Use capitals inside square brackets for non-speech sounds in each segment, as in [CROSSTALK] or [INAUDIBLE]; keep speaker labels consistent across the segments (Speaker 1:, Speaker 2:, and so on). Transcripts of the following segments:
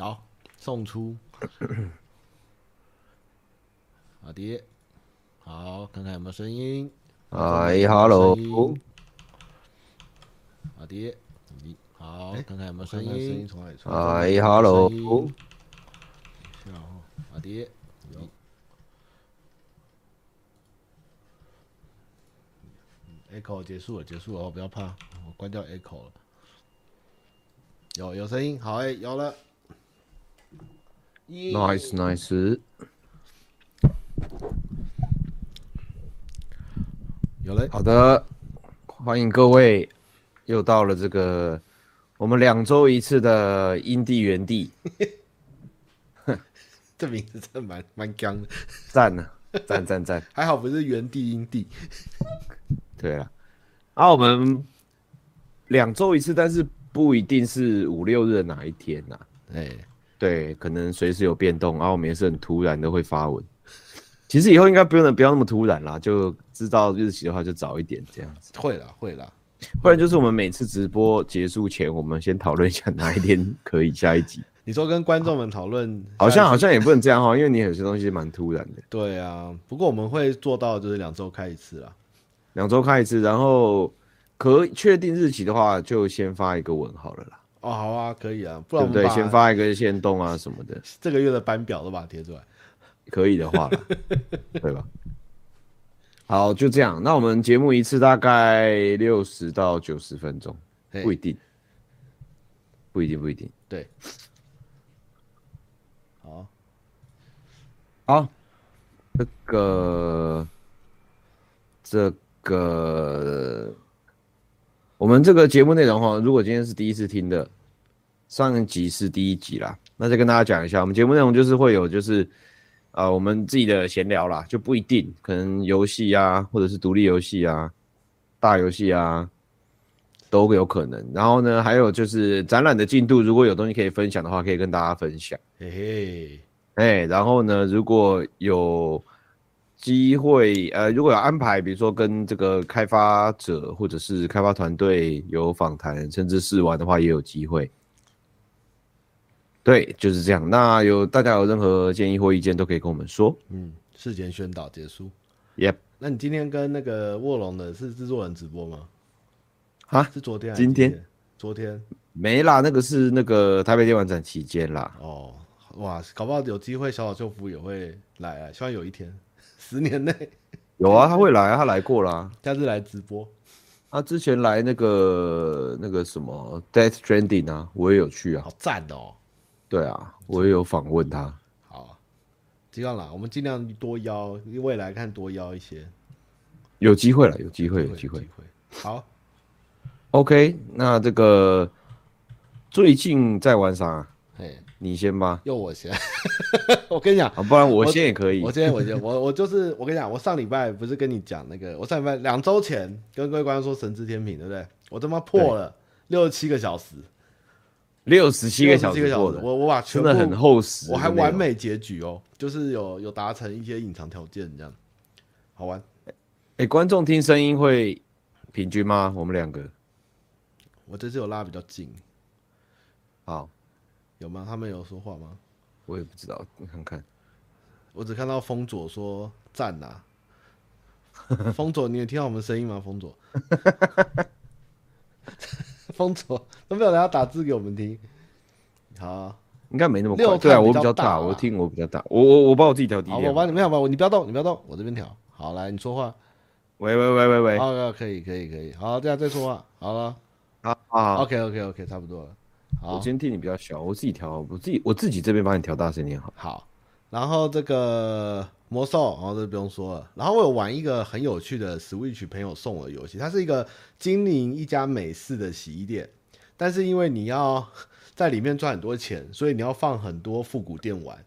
Speaker 1: 好，送出。 [COUGHS] 阿爹，好，看看有沒有聲音？哎，哈嘍。阿爹，好，看看有沒有聲音？聲音傳來，傳來，來。哎，哈嘍。好，阿爹。有，有、嗯。Echo 結束了，結束了，不要怕，我關掉 Echo 了。有有聲音，好、欸，哎，有了。Nice,
Speaker 2: nice。有嘞，好，好的，歡迎各位，又到了這個我們兩周一次的 Indie 園地。
Speaker 1: [LAUGHS] [LAUGHS] 這名字真的蠻蠻 gang 的，
Speaker 2: 讚吶、啊，讚讚讚！ [LAUGHS]
Speaker 1: 還好不是園地 Indie。
Speaker 2: [LAUGHS] 對了，啊，我們兩周一次，但是不一定是五六日的哪一天吶、啊。哎。對，可能隨時有變動，然後我們也是很突然的會發文。其實以後應該不用的，不要那麼突然啦，就知道日期的話就早一點這樣子。
Speaker 1: 會啦，會啦，
Speaker 2: 不然就是我們每次直播結束前，我們先討論一下哪一天可以下一集。
Speaker 1: [LAUGHS] 你說跟觀眾們討論，
Speaker 2: 啊、好像好像也不能這樣哈、哦，因為你有些東西蠻突然的。
Speaker 1: [LAUGHS] 對啊，不過我們會做到就是兩周開一次啦，
Speaker 2: 兩周開一次，然後可以確定日期的話，就先發一個文好了啦。
Speaker 1: 哦，好啊，可以啊，不然
Speaker 2: 我們對對對，先發一個先動啊什麼的。
Speaker 1: 這個月的班表都把它貼出來，
Speaker 2: 可以的話
Speaker 1: 了，對 [LAUGHS] 吧？
Speaker 2: 好，就這樣。那我們節目一次大概六十到九十分鐘，不一定，不一定，不一定，對。好，好、啊，這個，這個。我們這個節目內容哈，如果今天是第一次聽的，上一集是第一集啦，那再跟大家講一下，我們節目內容就是會有就是，呃，我們自己的閒聊啦，就不一定，可能遊戲啊，或者是獨立遊戲啊，大遊戲啊，都有可能。然後呢，還有就是展覽的進度，如果有東西可以分享的話，可以跟大家分享。嘿嘿，哎，然後呢，如果有。機會，呃，如果有安排，比如說跟這個開發者或者是開發團隊有訪談，甚至試玩的話，也有機會。對，就是這樣。那有大家有任何建議或意見，都可以跟我們說。嗯，
Speaker 1: 事前宣導結束。耶、yep，那你今天跟那個臥龍的是製作人直播嗎？啊，是昨天還幾天？今天？昨天？
Speaker 2: 沒啦，那個是那個台北電玩展期間啦。
Speaker 1: 哦，哇，搞不好有機會小島秀夫也會來、啊，希望有一天。十年內
Speaker 2: [LAUGHS] 有啊，他會來、啊，他來過啦、
Speaker 1: 啊，下次來直播。
Speaker 2: 他、啊、之前來那個那個什麼 Death Stranding 啊，我也有去啊。好讚哦、喔！對啊，我也有訪問他。好，
Speaker 1: 知道啦，我們盡量多邀，因為未來看多邀一些。
Speaker 2: 有機會了，有機會，有機會。
Speaker 1: 好
Speaker 2: ，OK，那這個最近在玩啥？你先嗎？
Speaker 1: 又我先， [LAUGHS] 我
Speaker 2: 跟你講，不然我先也可以。我，我先，我先，
Speaker 1: 我我就是，我跟你講，我上禮拜不是跟你講那個，我上禮拜兩周前跟各位觀眾說神之天平，對不對？我他媽破了六十七個小時，
Speaker 2: 六十七個小時，小時我我把全部真的很厚實，我還完美結局哦，
Speaker 1: 就是有有達成一些隱藏條件，這樣好玩。
Speaker 2: 誒、欸欸，觀眾聽聲音會平均嗎？我們兩個，
Speaker 1: 我這次有拉比較近，
Speaker 2: 好。
Speaker 1: 有嗎？他們有說話嗎？
Speaker 2: 我也不知道，你看
Speaker 1: 看。我只看到封佐說讚吶。 [LAUGHS] 封佐，你有聽到我們聲音嗎？封佐。 [LAUGHS] 封佐都沒有人家打字給我們聽。
Speaker 2: 好，應該沒那麼快，對、啊。對啊，我比較大，我，大我聽我比較大。我我我把我自己調低一我幫
Speaker 1: 你，沒有我。你不要動，你不要動，我這邊調。好，來你說話。
Speaker 2: 喂喂喂喂喂。啊、
Speaker 1: 哦，可以可以可以，可以。好，這樣再說話。好了。好啊。好 okay, OK OK OK，差不多了。
Speaker 2: 好，我今天替你比較小，我自己調，我自己我自己這邊幫你調大聲點。好。好，
Speaker 1: 然後這個魔獸，然後就不用說了。然後我有玩一個很有趣的 Switch 朋友送我的遊戲，它是一個經營一家美式的洗衣店，但是因為你要在裡面賺很多錢，所以你要放很多復古電玩。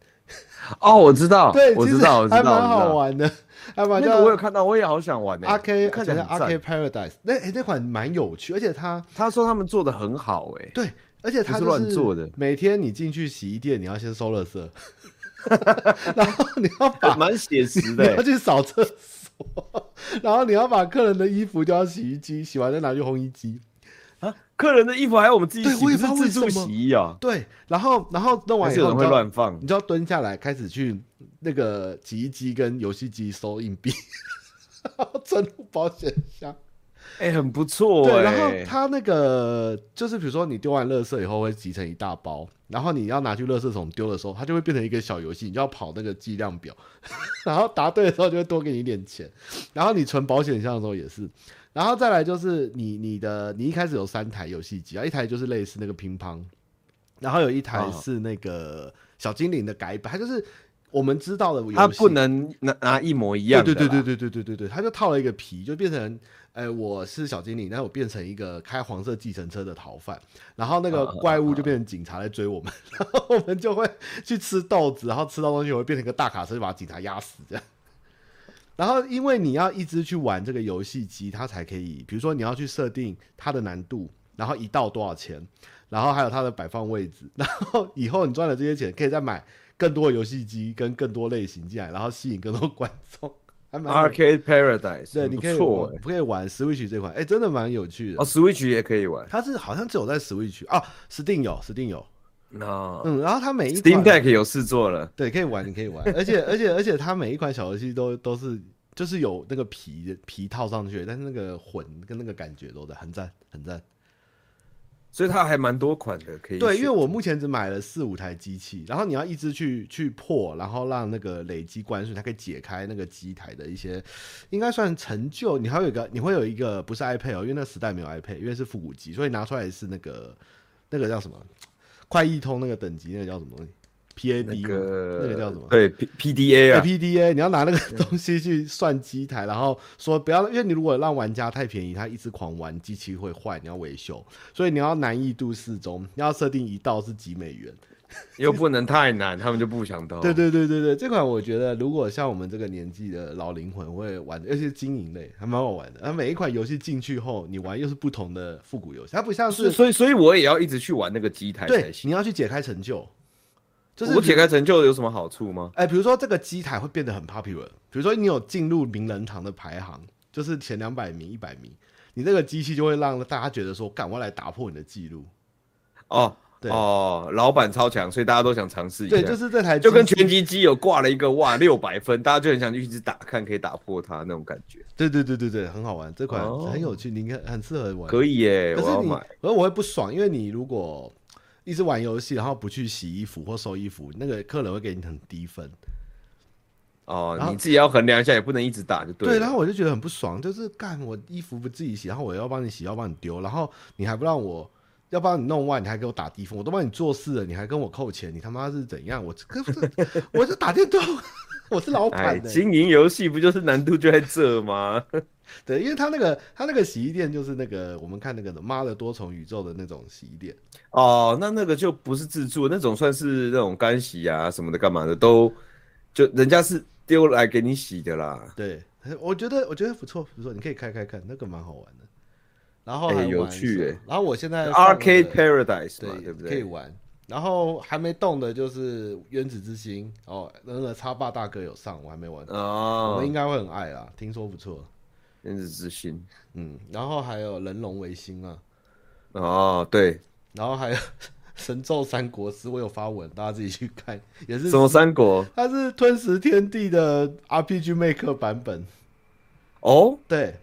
Speaker 2: 哦，我知道，對，我知道，還蠻好玩
Speaker 1: 的，還蠻那個，我有看到，我也好想玩欸。AK 看起來 AK Paradise 那，欸，那款蠻有趣，而且他他說他們做的很好欸，誒，對。而且他是亂做的。每天你進去洗衣店，你要先收垃圾， [LAUGHS] 然後你要把
Speaker 2: 蠻寫實的，要去掃
Speaker 1: 廁所， [LAUGHS] 然後你要把客人的衣服丟到洗衣機，洗完再拿去烘衣機。
Speaker 2: 啊，客人的衣服還要我們自己洗，是自助洗衣啊？
Speaker 1: 對，然後然後弄完以後就，有人會亂放，你就要蹲下來開始去那個洗衣機跟遊戲機收硬幣，存入保險箱。
Speaker 2: 哎、欸，很不錯、欸。對，然後他
Speaker 1: 那個就是，比如說你丟完垃圾以後會集成一大包，然後你要拿去垃圾桶丟的時候，它就會變成一個小遊戲，你就要跑那個計量表，然後答對的時候就會多給你一點錢。然後你存保險箱的時候也是，然後再來就是你你的你一開始有三台遊戲機啊，一台就是類似那個乒乓，然後有一台是那個小精靈的改版，哦、它就是。我們知道的遊戲，他不能拿拿一模一樣。對對對對對對對對他就套了一個皮，就變成，哎、欸，我是小精靈，然後我變成一個開黃色計程車的逃犯，然後那個怪物就變成警察來追我們，啊啊啊、然後我們就會去吃豆子，然後吃到東西我會變成一個大卡車，就把警察壓死這樣。然後因為你要一直去玩這個遊戲機，它才可以，比如說你要去設定它的難度，然後一到多少錢，然後還有它的擺放位置，然後以後你賺了這些錢可以再買，更多遊戲機跟更多類型進來，然後吸引更多觀眾。
Speaker 2: Arcade
Speaker 1: Paradise，對，不、欸、你可以，可以玩 Switch 這款，哎、欸，真的蠻有趣的哦。Switch 也可以玩，它是好像只有在 Switch 啊，Steam 有，Steam 有，Steam 有 no, 嗯，然後它每一款 Steam Deck
Speaker 2: 有試做了，對，可以玩，你可以玩，而且
Speaker 1: 而且而且它每一款小遊戲都都是就是有那個皮皮套上去，但是那個魂跟那個感覺都在，很讚，很讚。所以它還蠻多款的，可以對，因為我目前只買了四五台機器，然後你要一直去去破，然後讓那個累積關數，它可以解開那個機台的一些，應該算成就。你還有一個，你會有一個不是 iPad 哦、喔，因為那時代沒有 iPad，因為是復古機，所以拿出來是那個那個叫什麼，快易通那個等級，那個叫什麼東西。P A D、那個、那個叫什麼？對
Speaker 2: ，P P D A 啊，P D
Speaker 1: A，你要拿那個東西去算機台，然後說不要，因為你如果讓玩家，太便宜，他一直狂玩，機器會壞，你要維修，所以你要難易度適中，你要設定一道是幾
Speaker 2: 美元，又不能太難，他們就不想打。對對對
Speaker 1: 對對，這款我覺得如果像我們這個年紀的老靈魂會玩，尤其是經營類還蠻好玩的。啊，每一款遊戲進去後，你玩又是不同的復古遊戲，它不像是，是所以所以我
Speaker 2: 也要一直去玩那個機台。對，你
Speaker 1: 要去解開成就。就是我解開成就有什麼好處嗎？哎，比如說這個機台會變得很 popular，比如說你有進入名人堂的排行，就是前兩百名、一百名，你這個機器就會讓大家覺得說，趕快來打破你的記錄。
Speaker 2: 哦，對哦，老闆超強，所以大家都想嘗試一下。對，就是這台機器，就跟拳擊機有掛了一個哇六百分，大家就很想去一直打， [LAUGHS] 看可以打破它那種感覺。
Speaker 1: 對對對對對，很好玩，這款很有趣，哦、你應該很，很適合玩。可以耶，可是你我要買。可是我會不爽，因為你如果。一直玩遊戲，然後不去洗衣服或收衣服，那個客人會給你很低分。
Speaker 2: 哦，你自己要衡量一下，也不能一直打就對。對，然後我
Speaker 1: 就覺得很不爽，就是幹我衣服不自己洗，然後我要幫你洗，要幫你丟，然後你還不讓我，要幫你弄完，你還給我打低分，我都幫你做事了，你還跟我扣錢，你他媽是怎樣？我這我這打電動。 [LAUGHS] [LAUGHS] 我是老闆的、欸哎。經營遊戲不就是難度就在這嗎？對，因為他那個他那個洗衣店就是那個我們看那個的媽的多重宇宙的那種洗衣店。
Speaker 2: 哦，那那個就不是自助那種，算是那種乾洗啊什麼的，幹嘛的都就人家是丟來給你洗的啦。對，
Speaker 1: 我覺得我覺得不錯不錯，你可以開開看，那個蠻好玩的。然後很、欸、有趣、欸，然後我現在我 Arcade Paradise 對，對不對？可以玩。然後還沒動的就是原子之心哦，那個叉爸大哥有上，我還沒玩哦，我、oh, 應該會很愛啦，聽說不錯。原子之心，嗯，然後還有人龍維新啊，
Speaker 2: 哦、oh, 對，然後
Speaker 1: 還有神咒三國志，我有發文，大家自己去看，也是什麼三國？它是吞食天地的 RPG Maker 版本哦，oh? 對。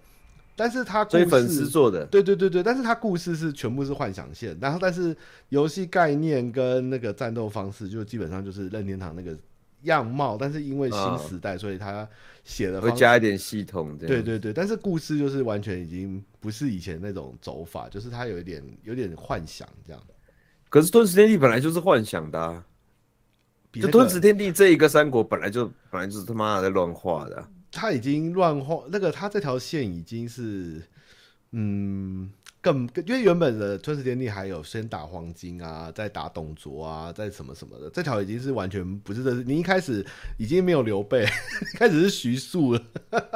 Speaker 1: 但是他，所以粉絲做的對對對對，但是他故事是全部是幻想線，然後但是遊戲概念跟那個戰鬥方式就基本上就是任天堂那個樣貌，但是因為新時代，啊，
Speaker 2: 所以他寫的會加一點系統這樣。對對
Speaker 1: 對，但是故事就是完全已經不是
Speaker 2: 以前那種走法，就是他有一點有一點幻想這樣。可是吞食天地本來就是幻想的啊，比那個，就吞食天地這一個三國本來就本來就他媽的在亂畫的啊。
Speaker 1: 他已經亂晃，那個他這條線已經是，嗯，更因為原本的《吞食天地》還有先打黃金啊，再打董卓啊，再什麼什麼的，這條已經是完全不是這。你一開始已經沒有劉備， [LAUGHS] 開始是徐庶了，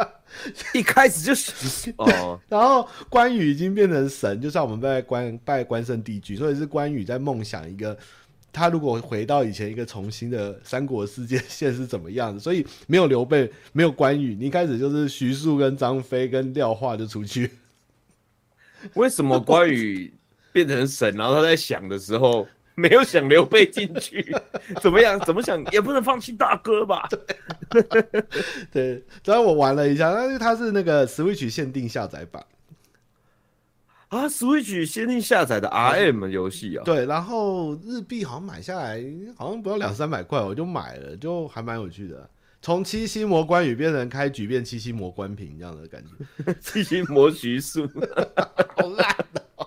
Speaker 1: [LAUGHS] 一開始就徐庶， [LAUGHS] [LAUGHS] 然後關羽已經變成神，就像我們拜關拜關聖帝君，所以是關羽在夢想一個。他如果回到以前一個重新的三國世界線是怎麼樣的？所以沒有劉備，沒有關羽，你一開始就是徐庶跟張飛跟廖化就出去。
Speaker 2: 為什麼關羽變成神？然後他在想的時候沒有想劉備進去， [LAUGHS] 怎麼樣？怎麼想也不能放棄大哥吧？
Speaker 1: [LAUGHS] [LAUGHS] 對，主要我玩了一下，但是他是那個 Switch 限定下載版。
Speaker 2: 啊，Switch 限定下載的 R M 遊戲啊、喔，對，然後日幣
Speaker 1: 好像買下來好像不到兩三百塊，我就買了，就還蠻有趣的。從七夕魔關羽變成開局變七夕魔關平這樣的感覺，
Speaker 2: [LAUGHS] 七夕魔徐庶、 [LAUGHS] [LAUGHS] 喔，
Speaker 1: 好爛的
Speaker 2: 啊！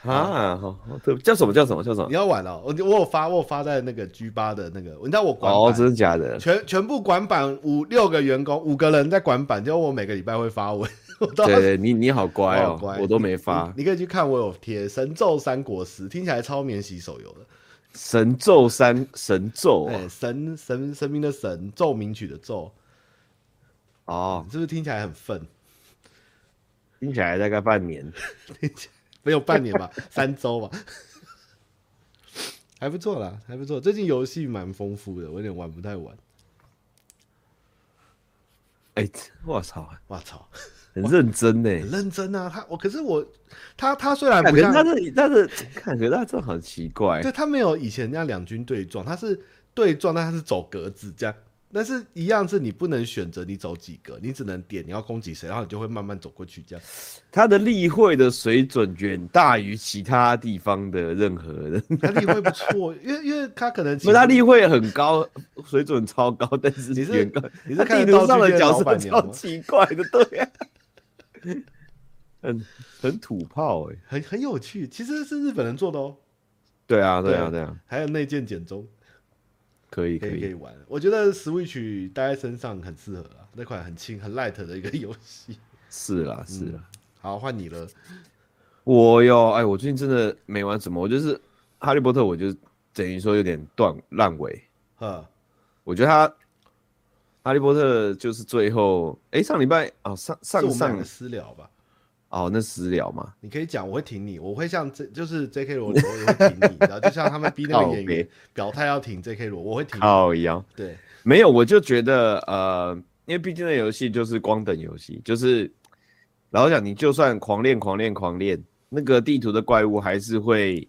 Speaker 2: 好、啊啊喔喔，叫什麼叫什麼叫什麼？你要玩
Speaker 1: 了、喔，我有發我發我發在那個 G 八的那個，你知道我管哦、喔，真的假的？全全部管版五六個員工，五個人在管版，就我每個禮拜會發文。對
Speaker 2: 你你好乖哦，哦乖我都沒發
Speaker 1: 你，你可以去看我有貼《神咒三國史》，聽起來超免洗手遊的
Speaker 2: 《神咒三神咒》啊，欸、
Speaker 1: 神神神明的神，奏鳴曲的奏，
Speaker 2: 哦，
Speaker 1: 是不是聽起來很糞？
Speaker 2: 聽起來大
Speaker 1: 概半年， [LAUGHS] 沒有半年吧， [LAUGHS] 三周週吧， [LAUGHS] 還不錯啦，還不錯，最近遊戲蠻豐富的，我有點玩不太完。
Speaker 2: 哎、欸，我操！我操！很認真呢、欸，很認真啊！
Speaker 1: 他我可是我，他他雖然不像，但是但是
Speaker 2: 感覺他這很奇怪。對，他
Speaker 1: 沒有以前那兩軍對撞，他是對撞，但他是走格子這樣。但是一樣是你不能選擇你走幾格，你只能點你要攻擊誰，然後你就會慢慢走過去這樣。
Speaker 2: 他的立繪的水準遠大於其他地方的任何人。
Speaker 1: 他立繪不錯， [LAUGHS] 因為因為他可能，不是他立
Speaker 2: 繪很高 [LAUGHS] 水準，超高。但是高你是你是看地圖上的角色超
Speaker 1: 奇怪的，對呀、啊。 [LAUGHS]
Speaker 2: [LAUGHS] 很
Speaker 1: 很土炮哎、欸，很很有趣，其實是日本人做的哦、喔
Speaker 2: 啊。對啊，對啊，對啊。
Speaker 1: 還有內建簡中
Speaker 2: 可以可以可以，可以玩。
Speaker 1: 我覺得 Switch 帶在身上很適合啊，那款很輕很 light 的一個遊戲。
Speaker 2: 是啦、啊、是啦、啊嗯。好，換你了。我喲，哎，我最近真的沒玩什麼，我就是哈利波特，我就等於說有點斷爛尾我覺得他。哈利波特就是最後，誒、欸，上禮拜哦，上上上私聊吧，哦，那私聊嘛，
Speaker 1: 你可以講，我會挺你，我會像這就是 J K 羅，我也會挺你， [LAUGHS] 然後就像他們逼那個演員表態要挺 J K 羅，我會挺你
Speaker 2: 一樣。對，沒有，我就覺得呃，因為畢竟那遊戲就是光等遊戲，就是然後講你就算狂練狂練狂練，那個地圖的怪物還是會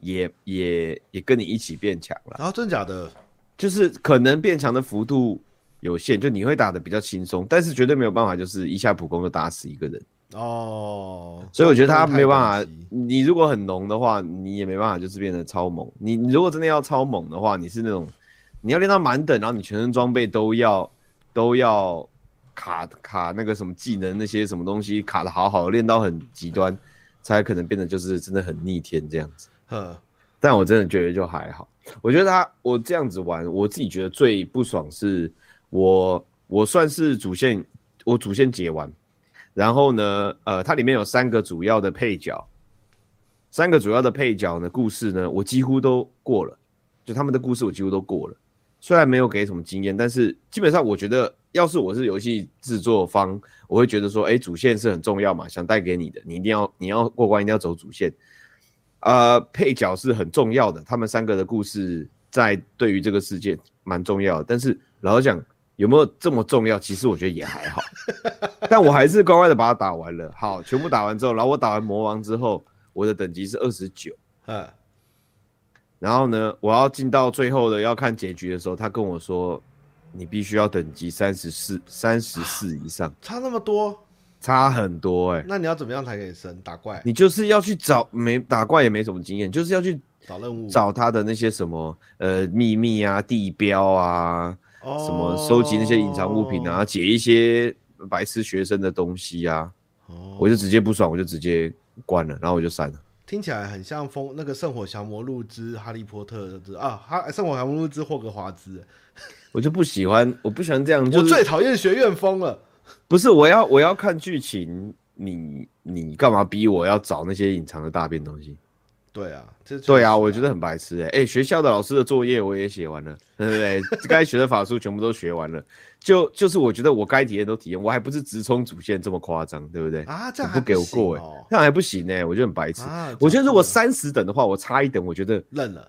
Speaker 2: 也也也，也跟你一起變強了，然後真假的，就是可能變強的幅度。有限，就你會打得比較輕鬆，但是絕對沒有辦法，就是一下普攻就打死一個人
Speaker 1: 哦。所以我覺得他沒有辦法。
Speaker 2: 你如果很濃的話，你也沒辦法，就是變得超猛。你如果真的要超猛的話，你是那種你要練到滿等，然後你全身裝備都要都要卡卡那個什麼技能那些什麼東西卡得好好的，練到很極端，才可能變得就是真的很逆天這樣子。呃，但我真的覺得就還好。我覺得他我這樣子玩，我自己覺得最不爽是。我我算是主線，我主線解完，然後呢，呃，它裡面有三個主要的配角，三個主要的配角呢，故事呢，我幾乎都過了，就他們的故事我幾乎都過了，雖然沒有給什麼經驗，但是基本上我覺得，要是我是遊戲製作方，我會覺得說，哎，主線是很重要嘛，想帶給你的，你一定要你要過關，一定要走主線，啊，呃，配角是很重要的，他們三個的故事在對於這個世界蠻重要的，但是老實講。有沒有這麼重要？其實我覺得也還好， [LAUGHS] 但我還是乖乖的把它打完了。好，全部打完之後，然後我打完魔王之後，我的等級是二十九。嗯，然後呢，我要進到最後的，要看結局的時候，他跟我說，你必須要等級三十四、三十四以上。啊，差那麼多，差很多哎、欸。
Speaker 1: 那你要怎麼樣才可以升？打怪？
Speaker 2: 你就是要去找，沒打怪也沒什麼經驗，就是要去找任務，找他的那些什麼呃秘密啊、地標啊。什麼收集那些隱藏物品啊，哦、解一些白痴學生的東西啊、哦，我就直接不爽，我就直接關了，然後我就刪了。
Speaker 1: 聽起來很像《風》那個《聖火降魔錄之哈利波特啊，《哈聖火降魔錄之霍格華茲》。
Speaker 2: 我就不喜歡，我不喜歡這樣，就是、我最討厭學院風了。不是，我要我要看劇情，你你幹嘛逼我要找那些隱藏的大便東西？
Speaker 1: 對啊，這啊
Speaker 2: 對啊，我覺得很白癡哎、欸、哎，學校的老師的作業我也寫完了，對不對？該學的法術全部都學完了， [LAUGHS] 就就是我覺得我該體驗都體驗，我還不是直衝主線這麼誇張，對不對？啊，這樣還不給我過哎，這樣還不行呢、哦欸，我覺得很白癡、啊。我覺得如果三十等的話，我差一等，我覺得認了，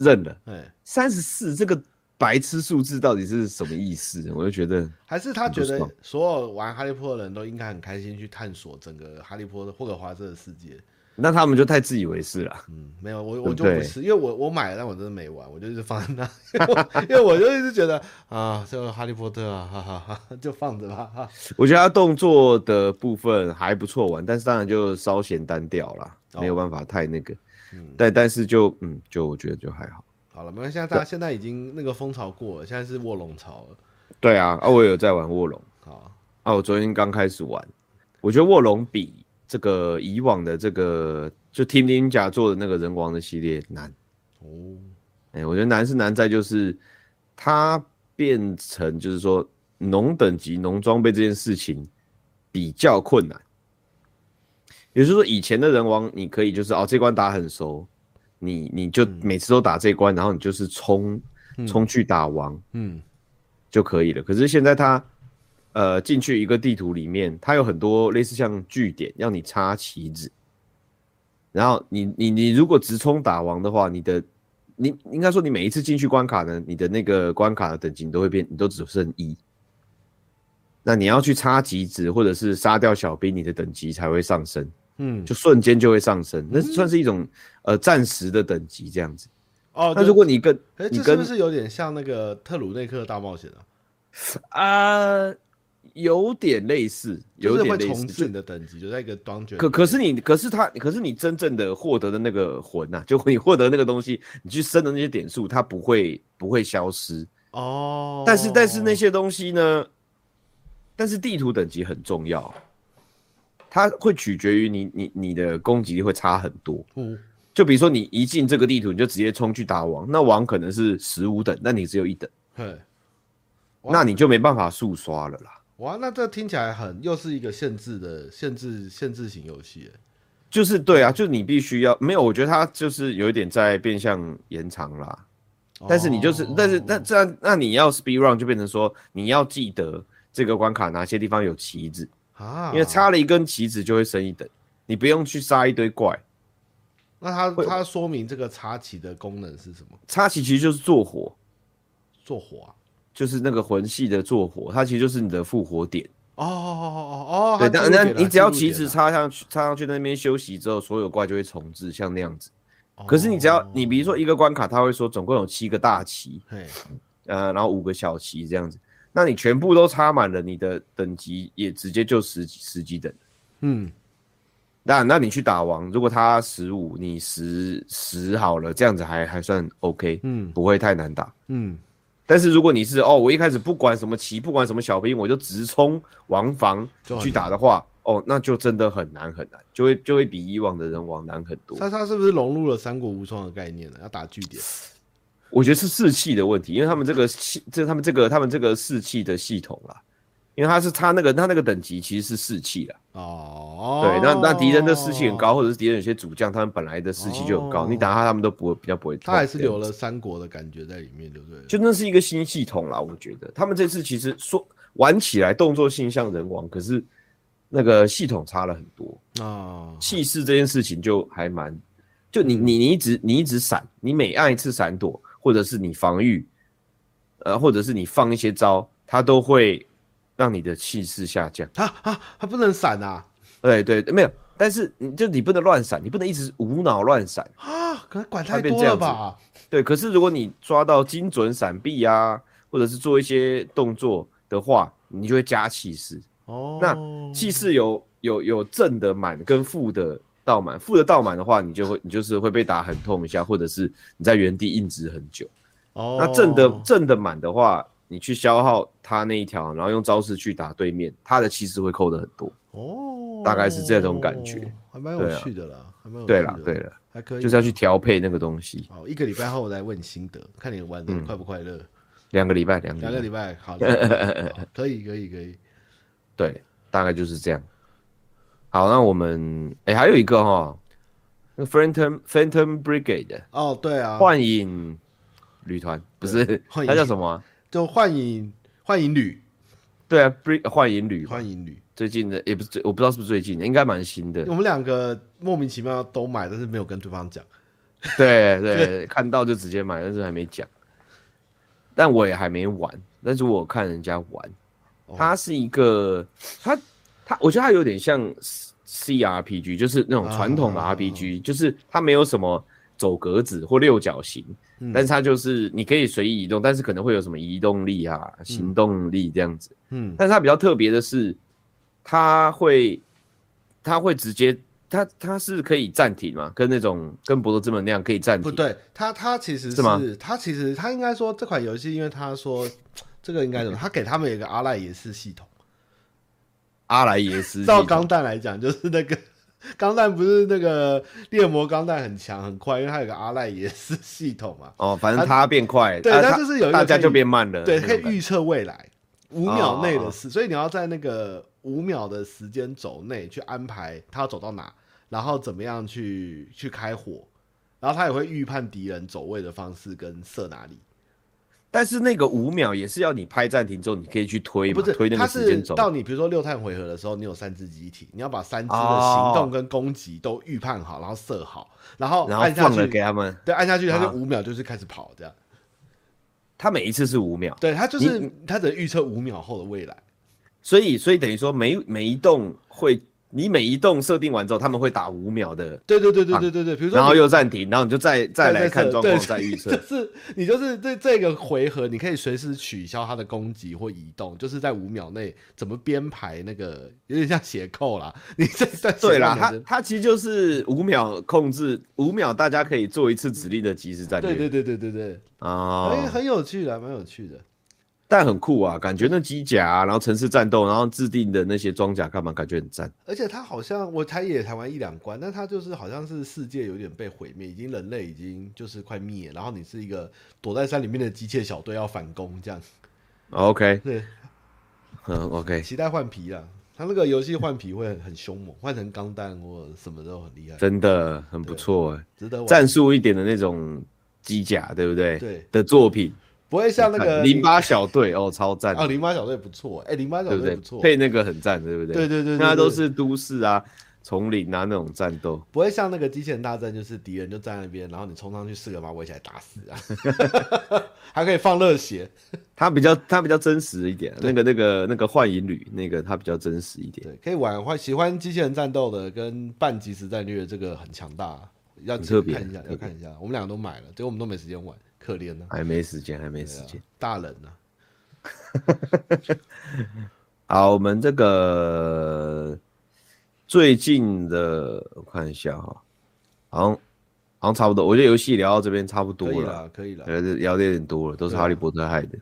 Speaker 2: 認了。哎，三十四這個白癡數字到底是什麼意思？我就覺得
Speaker 1: 還是他覺得所有玩哈利波特的人都應該很開心去探索整個哈利波特霍格華茲的世界。
Speaker 2: 那他們就太自以為是了。嗯，
Speaker 1: 沒有我我就不是，因為我我買了，但我真的沒玩，我就一直放在那， [LAUGHS] 因為我就一直覺得 [LAUGHS] 啊，這個哈利波特啊，哈哈哈，就放着吧、啊。
Speaker 2: 我覺得他動作的部分還不錯玩，但是當然就稍嫌單調啦、哦，沒有辦法太那個。嗯，但但是就嗯，就我覺得就還好。
Speaker 1: 好了，沒關係，大家現在已經那個風潮過了，現在是臥龍潮
Speaker 2: 了。對啊，啊我有在玩臥龍。好，啊我昨天剛開始玩，我覺得臥龍比。這個以往的這個就 Team Ninja 做的那個仁王的系列難哦，哎、欸，我覺得難是難在就是它變成就是說，農等級農裝備這件事情比較困難。也就是說，以前的仁王你可以就是哦，這關打很熟，你你就每次都打這一關、嗯，然後你就是衝衝去打王嗯，嗯，就可以了。可是現在他。呃，進去一個地圖裡面，它有很多類似像據點，要你插旗子。然後你你你如果直衝打王的話，你的你應該說你每一次進去關卡呢，你的那個關卡的等級你都會變，你都只剩一。那你要去插旗子或者是殺掉小兵，你的等級才會上升。嗯，就瞬間就會上升，嗯，那算是一種呃暫時的等級這樣子。
Speaker 1: 哦，那如果你跟你，欸，這是不是有點像那個《特魯內克的大冒險》啊？
Speaker 2: 啊，呃。有點類似，有點類似、就是、的等級就在一個端可可是你可是他可是你真正的獲得的那個魂吶、啊，就你獲得那個東西，你去升的那些點數，它不會不會消失哦。但是但是那些東西呢？但是地圖等級很重要，它會取決於你你你的攻擊力會差很多。嗯，就比如說你一進這個地圖，你就直接衝去打王，那王可能是十五等，但你只有一等，
Speaker 1: 對，
Speaker 2: 那你就沒辦法速刷了啦。
Speaker 1: 哇，那這聽起來很又是一個限制的限制限制型遊戲。誒，
Speaker 2: 就是對啊，就你必須要沒有，我覺得它就是有一點在變相延長啦。哦，但是你就是，但是那這樣，那你要 speed run 就變成說你要記得這個關卡哪些地方有旗子啊，因為插了一根旗子就會升一等，你不用去殺一堆怪。
Speaker 1: 那它它說明這個插旗的功能是什麼？
Speaker 2: 插旗其實就是做火，
Speaker 1: 做火啊。
Speaker 2: 就是那個魂系的做火，它其實就是你的復活點哦哦
Speaker 1: 哦。Oh, oh, oh, oh, oh, 對，但那你只要旗子
Speaker 2: 插上去，插上去那邊休息之後，所有怪就會重置，像那樣子。Oh, 可是你只要你比如說一個關卡，它會說總共有七個大旗，對，oh.，呃，然後五個小旗這樣子。Hey. 那你全部都插滿了，你的等級也直接就十幾十幾等。嗯，那那你去打王，如果他十五，你十十好了，這樣子還還算 OK，嗯，不會太難打，嗯。嗯但是如果你是哦，我一開始不管什麼旗，不管什麼小兵，我就直衝王房去打的話，哦，那就真的很難很難，就會就會比以往的人王難很多。他
Speaker 1: 他是不是融入了三國無雙的概念呢、啊？要打據
Speaker 2: 點，我覺得是士氣的問題，因為他們這個氣，這他們這個他們這個士氣的系統啦、啊，因為他是他那個他那個等級其實是士氣的、啊、哦。
Speaker 1: 對，那那敵人的士氣很高，
Speaker 2: 或者是敵人有些主將，他們本來的士氣就很高，哦、你打他，他們都不會，比較不會，他還是留了
Speaker 1: 三國的感覺在裡面，對不對？
Speaker 2: 就那是一個新系統啦，我覺得他們這次其實說玩起來動作性像人王，可是那個系統差了很多啊。哦、氣勢這件事情就還蠻，就你你你一直，你一直閃，你每按一次閃躲，或者是你防禦，呃，或者是你放一些招，它都會讓你的氣勢下降。啊啊，他不能閃啊！對對，沒有，但是你就你不能亂閃，你不能一直無腦亂閃
Speaker 1: 啊，可能管太多了吧？
Speaker 2: 對，可是如果你抓到精準閃避呀、啊，或者是做一些動作的話，你就會加氣勢。哦，那氣勢有有有正的滿跟負的倒滿，負的倒滿的話，你就會你就是會被打很痛一下，或者是你在原地硬直很久。哦，
Speaker 1: 那正的
Speaker 2: 正的滿的話，你去消耗他那一條，然後用招式去打對面，他的氣勢會扣的很多哦，大概是這種感覺，哦、還蠻有趣的啦，對了、啊對,啊、對了，還可以，就是要去調配那個東西。
Speaker 1: 好、哦，一個禮拜後來問心得，看你玩的快不快樂、嗯。兩個禮拜，兩個禮拜，兩個禮拜，
Speaker 2: 好的 [LAUGHS] 好，可以可以可以。對，大概就是這樣。好，那我們誒還有一個哈、哦，那 Phantom Phantom Brigade，
Speaker 1: 哦對啊，幻
Speaker 2: 影旅團，不是，他叫什麼、啊？就幻影，幻影旅，對啊，不，幻影旅，幻影旅，最近的也不是最，我不知道是不是最近的，應該蠻新的。
Speaker 1: 我們兩個莫名其妙都買，但是沒有跟對方講。
Speaker 2: 對對， [LAUGHS] 看到就直接買，但是還沒講。但我也還沒玩，但是我看人家玩，它是一個，它，它，我覺得它有點像 CRPG，就是那種傳統的 RPG，就是它沒有什麼走格子或六角形。但是它就是你可以隨意移動、嗯，但是可能會有什麼移動力啊、嗯、行動力這樣子。嗯，但是它比較特別的是，它會它會直接，它它是可以暫停嘛？跟那種跟博德之門那樣可以暫停？不對，它它其實是，
Speaker 1: 它其實它應該說這款遊戲，因為他說這個應該怎麼，他給他們有一個阿賴耶識系統，
Speaker 2: [LAUGHS] 阿賴耶識，照鋼
Speaker 1: 彈來講就是那個。 [LAUGHS] 鋼彈不是那個獵魔鋼彈很強很快，因為它有個阿賴耶識系統
Speaker 2: 嘛。哦，反正它變快，對、啊，它就是有一個大家就變慢了。對，可以預
Speaker 1: 測未來五秒內的事、哦，所以你要在那個五秒的時間軸內去安排他要走到哪，哦、然後怎麼樣去去開火，然後他也會預判敵人走位的
Speaker 2: 方式跟射哪裡。但是那個五秒也是要你拍暫停之後，你可以去推，不是推那個時間走，它是到
Speaker 1: 你比如說六碳回合的時候，你有三只機體，你要把三隻的行動跟攻擊都預判好，oh. 然後設好，然後按下去，給他們。對，按下去它就五秒，就是開始跑這樣。
Speaker 2: 他每一次是五秒，對，他就是只能預測五秒後的未來。所以，所以等於說每每一動會。你每一動設定完之後，他們會打五秒的。對對對對對對對、啊。然後又暫停，然後你就再再來看狀況，對對對對再預測。就是，
Speaker 1: 你就是這這個回合，你可以隨時取消它的攻擊或移動，就是在五秒內怎麼編排那個，有點像斜扣啦，你這對啦，
Speaker 2: 它它其實就是五秒控制，五秒大家可以做一次指令的即時暫停。對對對對對對，對。啊、哦。很、欸、很有趣的，蠻有趣的。但很酷啊，感覺那機甲、啊，然後城市戰鬥，然後制定的那些裝甲幹嘛，感覺很讚。
Speaker 1: 而且他好像我他也才玩一兩關，但他就是好像是世界有點被毀滅，已經人類已經就是快滅，然後你是一個躲在山裡面的機械小隊要反攻這樣子。
Speaker 2: OK，對，嗯，OK，期
Speaker 1: 待換皮啊。他那個遊戲換皮會很，很兇猛，換成鋼彈或什麼都很厲
Speaker 2: 害，真的很不錯哎、欸，值得玩。戰術一點的那種機甲，對不對？對的作品。
Speaker 1: 不會像那個零八
Speaker 2: 小隊哦，超讚哦，零
Speaker 1: 八小隊不錯，誒、欸，零八小隊不錯，配那個
Speaker 2: 很讚，對不對？對對對，對，對，對，那都是都市啊、叢林啊那種戰鬥，
Speaker 1: 不會像那個機器人大戰，就是敵人就站在那邊，然後你衝上去四個把我圍起來打死啊，
Speaker 2: [LAUGHS] 還可以放熱血，它 [LAUGHS] 比較它比較真實一點，那個那個那個幻影旅那個它比較真實一點，對，
Speaker 1: 可以玩歡喜歡機器人戰鬥的跟半即時戰略的這個很強大，要看一下，特要，看一下、嗯、要看一下，我們兩個都買了，結果我們都沒時間玩。可憐呢，還沒時間，還沒時間、啊。大人呢、啊？
Speaker 2: [LAUGHS] 好，我們這個最近的，我看一下哈，好像好像差不多。我覺得遊戲聊到這邊差不多了，可以，可以了，可以了。聊的有點多了，都是哈利波特害的。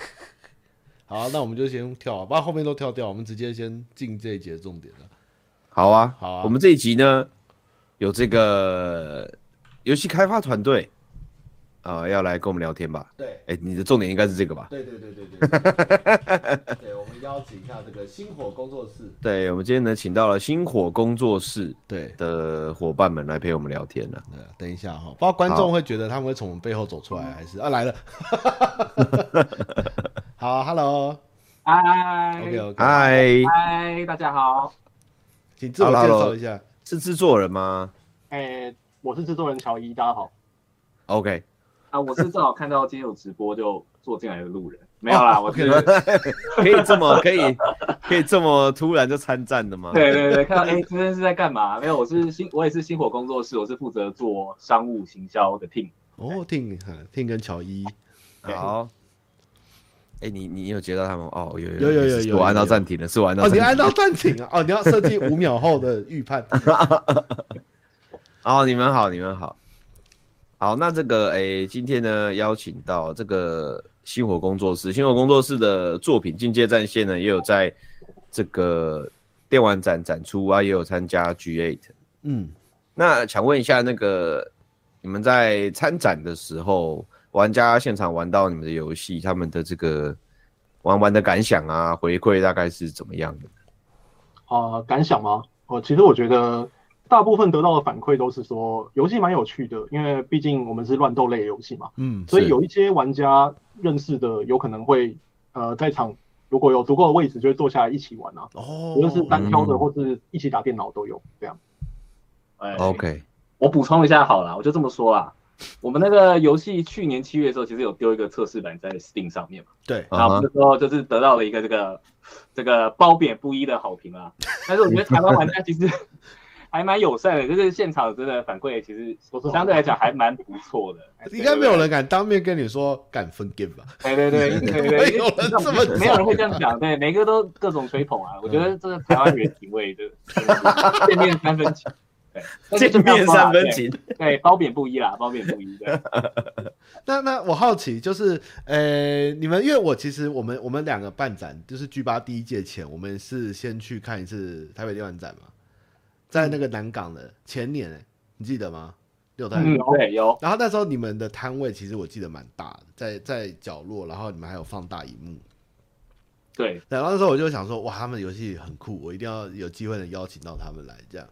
Speaker 1: [LAUGHS] 好、啊，那我們就先跳，把後面都跳掉，我們直接先進這一集的重點了。
Speaker 2: 好啊，好啊。我們這一集呢，有這個遊戲開發團隊。啊、呃，要來跟我們聊天吧？對，哎、欸，你的重點應該是這個吧？對對對對對，對， [LAUGHS] 對，
Speaker 1: 我們邀請一下這個星火工作室，
Speaker 2: 對我們今天呢，請到了星火工作室對的夥伴們來陪我們聊天了對，等一下哈，不知道觀眾會覺得他們會
Speaker 1: 從我們背後走出來還是？啊，來了， [LAUGHS] [LAUGHS] 好，Hello，Hi，Hi，Hi，、
Speaker 3: okay,
Speaker 1: okay.
Speaker 3: 大家好，
Speaker 2: 請自我介紹一下，Hello. 是製作人嗎？哎、
Speaker 3: hey，我是製作人喬一，大家好，OK。 [LAUGHS] 我是正好看到今天有直播就坐進來的路人，沒有啦我是、啊，我可以可以這麼可以
Speaker 2: 可以這麼突然就參戰的嗎？嗎對對對，看到哎，
Speaker 3: 今、欸、天是在幹嘛？ [LAUGHS] 沒有，我是星，我也是星火工作室，我是負責做商務行銷的 team、
Speaker 1: oh,
Speaker 2: Tim, 啊。哦，team，team 跟喬伊，okay. 好。哎、欸，你你有接到他們？哦，有有有有有，我按到暫停了，是我按到你按到暫停啊？哦，你,、
Speaker 1: 啊、 [LAUGHS] 哦你要設計五秒後的預判。
Speaker 2: 哦 [LAUGHS] [LAUGHS] ，oh, 你們好，你們好。好，那這個誒、欸，今天呢邀請到這個星火工作室，星火工作室的作品《盡界戰線》呢，也有在這個電玩展展出啊，也有參加 G8。嗯，那想問一下，那個你們在參展的時候，玩家現場玩到你們的遊戲，他們的這個玩玩的感想啊，回饋大概是怎麼樣的？啊、呃，
Speaker 4: 感想嗎？我其實我覺得。大部分得到的反饋都是說遊戲蠻有趣的，因為畢竟我們是亂鬥類的遊戲嘛。嗯，所以有一些玩家認識的，有可能會呃在場，如果有足夠的位置，就會坐下來一起玩啊。哦，無論是單挑的、嗯，或是一起打電腦都有
Speaker 3: 這樣。欸、OK，我補充一下好了，我就這麼說啦、啊。我們那個遊戲去年七月的時候，其實有丟一個測試版在 Steam 上面嘛。
Speaker 1: 對，然後，那
Speaker 3: 時候就是得到了一個這個這個褒貶不一的好評啊。Uh-huh.
Speaker 1: 但是我覺得台灣玩家其實。 [LAUGHS]
Speaker 3: 還蠻友善的，就是現場真的反饋，其實說相對來講還蠻不錯的。哦、對對應該沒有人
Speaker 1: 敢當面跟你說敢分 game 吧？對對對 [LAUGHS] 對對對， [LAUGHS] 沒，有沒有人會這樣講，
Speaker 3: [LAUGHS] 對，每個都各種吹捧啊。嗯、我覺得這個台灣人情味的 [LAUGHS] 對對對，見面
Speaker 1: 三
Speaker 3: 分情，對，見面三分情，對，褒貶不一啦，褒貶不一
Speaker 1: 的。 [LAUGHS] 那那我好奇就是，呃、欸，你們因為我其實我們我們兩個辦展，就是 G8 第一屆前，我們是先去看一次台北電玩展嘛。在那個南港的前年，欸，你記得嗎？六代，嗯、然後那時候你們的攤位其實我記得蠻大的，在在角落，然後你們還有放大熒幕對。對，然後那時候我就想說，哇，他們遊戲很酷，我一定要有機會能邀請到他們來這樣。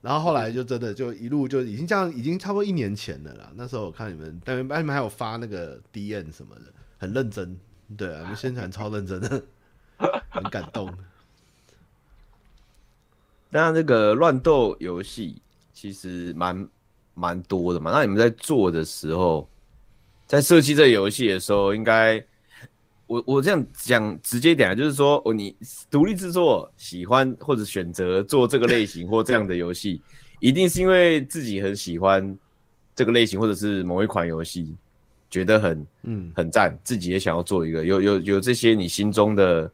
Speaker 1: 然後後來就真的就一路就已經這樣，已經差不多一年前的了。那時候我看你們，但你們還有發那個 DM 什麼的，很認真，對、啊，你們宣傳超認真的，很感動。 [LAUGHS]
Speaker 2: 那這個亂鬥遊戲其實蠻蠻多的嘛。那你們在做的時候，在設計這個遊戲的時候應，應該我我這樣講直接一點，就是說，哦，你獨立製作，喜歡或者選擇做這個類型 [LAUGHS] 或這樣的遊戲，一定是因為自己很喜歡這個類型，或者是某一款遊戲，覺得很嗯很讚，自己也想要做一個。有有有這些你心中的，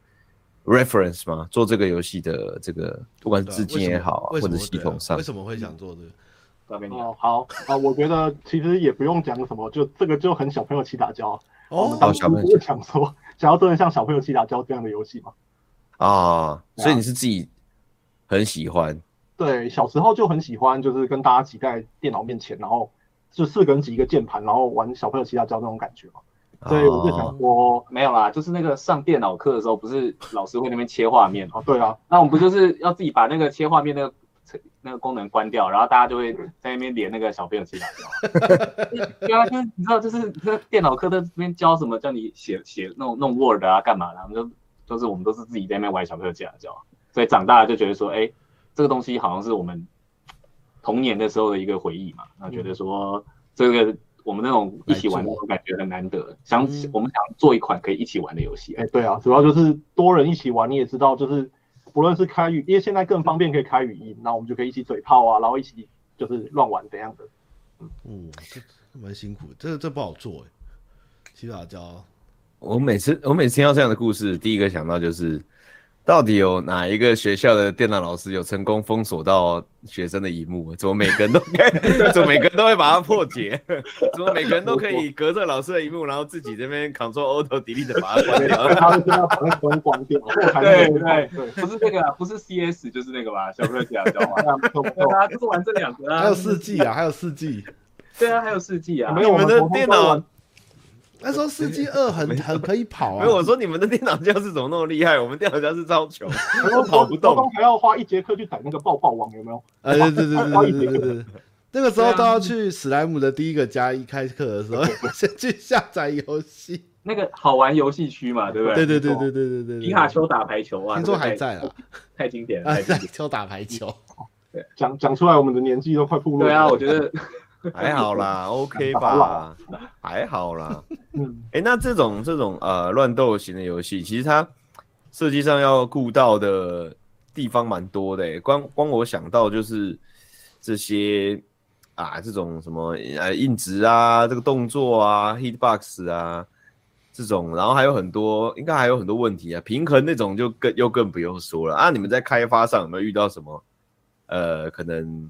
Speaker 2: Reference 嗎？做這個遊戲的這個，不管是資金也好、啊啊，或者系統上、啊，為什
Speaker 1: 麼會想做這個？嗯、哦，好、 [LAUGHS] 啊、我覺得其實也不用講
Speaker 4: 什麼，就這個就很小朋友齊打交。
Speaker 2: 哦，好、哦，小朋友就
Speaker 4: 講說想要做的像小朋友齊打交這樣的遊戲嘛。
Speaker 2: 啊、哦，所以你是自己很喜歡？
Speaker 4: 對，小時候就很喜歡，就是跟大家擠在電腦面前，然後就四個人擠一個鍵盤，
Speaker 3: 然後玩小朋友齊打交這種感覺嘛。
Speaker 1: 對，oh. 我就想
Speaker 3: 我沒有啦，就是那個上電腦課的時候，不是老師會那邊切畫面 [LAUGHS] 哦，對啊，那我們不就是要自己把那個切畫面那個那個功能關掉，然後大家就會在那邊連那個小朋友齊打交。對啊，就是你知道，就是那電腦課在那邊教什麼叫你寫寫弄弄 Word 啊，幹嘛的？然後就都、就是我們都是自己在那邊玩小朋友齊打交，所以長大了就覺得說，哎、欸，這個東西好像是我們童年的時候的一個回憶嘛。那覺得說這個。嗯我們那種一起玩的感覺很難得，想我們想做一款可以一起玩的遊戲，啊。哎、嗯，欸、對啊，主要就
Speaker 4: 是多人一起玩，你也知道，就是不論是開語，因為現在更方便可以開語音，然後我們就可以一起嘴炮啊，然後一起就是亂玩，這樣的。
Speaker 2: 嗯，哦、這蠻辛苦的，
Speaker 1: 這這不好做誒其實好像，
Speaker 2: 我每次我每次聽到這樣的故事，第一個想到就是。到底有哪一個學校的電腦老師有成功封鎖到學生的螢幕？怎麼每個人都可以 [LAUGHS] 對？ [LAUGHS] 怎麼每個人都會把它破解？怎麼每個人都可以隔着老師的螢幕，然後自己這邊 Ctrl Alt Delete 把它關掉？他是真的封關掉？對 [LAUGHS] 對對，對，
Speaker 1: 對，不是這個、啊，不是
Speaker 2: CS 就是那
Speaker 1: 個吧？小哥講的， [LAUGHS] 對啊，就是玩這兩個，啊。還有四 G 啊，還有四 G，對啊，還有四 G 啊，沒有、啊、我們的電腦。那時候世紀二，很很可以跑啊！我說你們的電腦教室
Speaker 4: 怎麼那麼厲害？我們電腦教室超窮，我 [LAUGHS] 跑不動， [LAUGHS] 還要花一節課去打那個爆爆王，有
Speaker 1: 沒有？啊，對對對對對對對，那個時候都要去史萊姆的第一個家，一開課的時候，先去下載遊戲，那
Speaker 3: 個好玩遊戲區嘛，對不對？對對對對
Speaker 1: 對對對對，皮卡丘
Speaker 3: 打排球啊，聽說還在啊， [LAUGHS] 太經典了，皮 [LAUGHS] 在。丘打排球，
Speaker 4: 講講出來我們的年紀都快暴露了。對啊，我覺得。還好啦 [LAUGHS] ，OK 吧啦，
Speaker 2: 還好啦。哎、 [LAUGHS] 欸，那這種這種呃亂鬥型的遊戲，其實它設計上要顧到的地方蠻多的。哎，光光我想到就是這些啊、呃，這種什麼呃硬直啊，這個動作啊 [MUSIC] ，hitbox 啊這種，然後還有很多，應該還有很多問題啊。平衡那種就更又更不用說了啊。你們在開發上有沒有遇到什麼呃可能，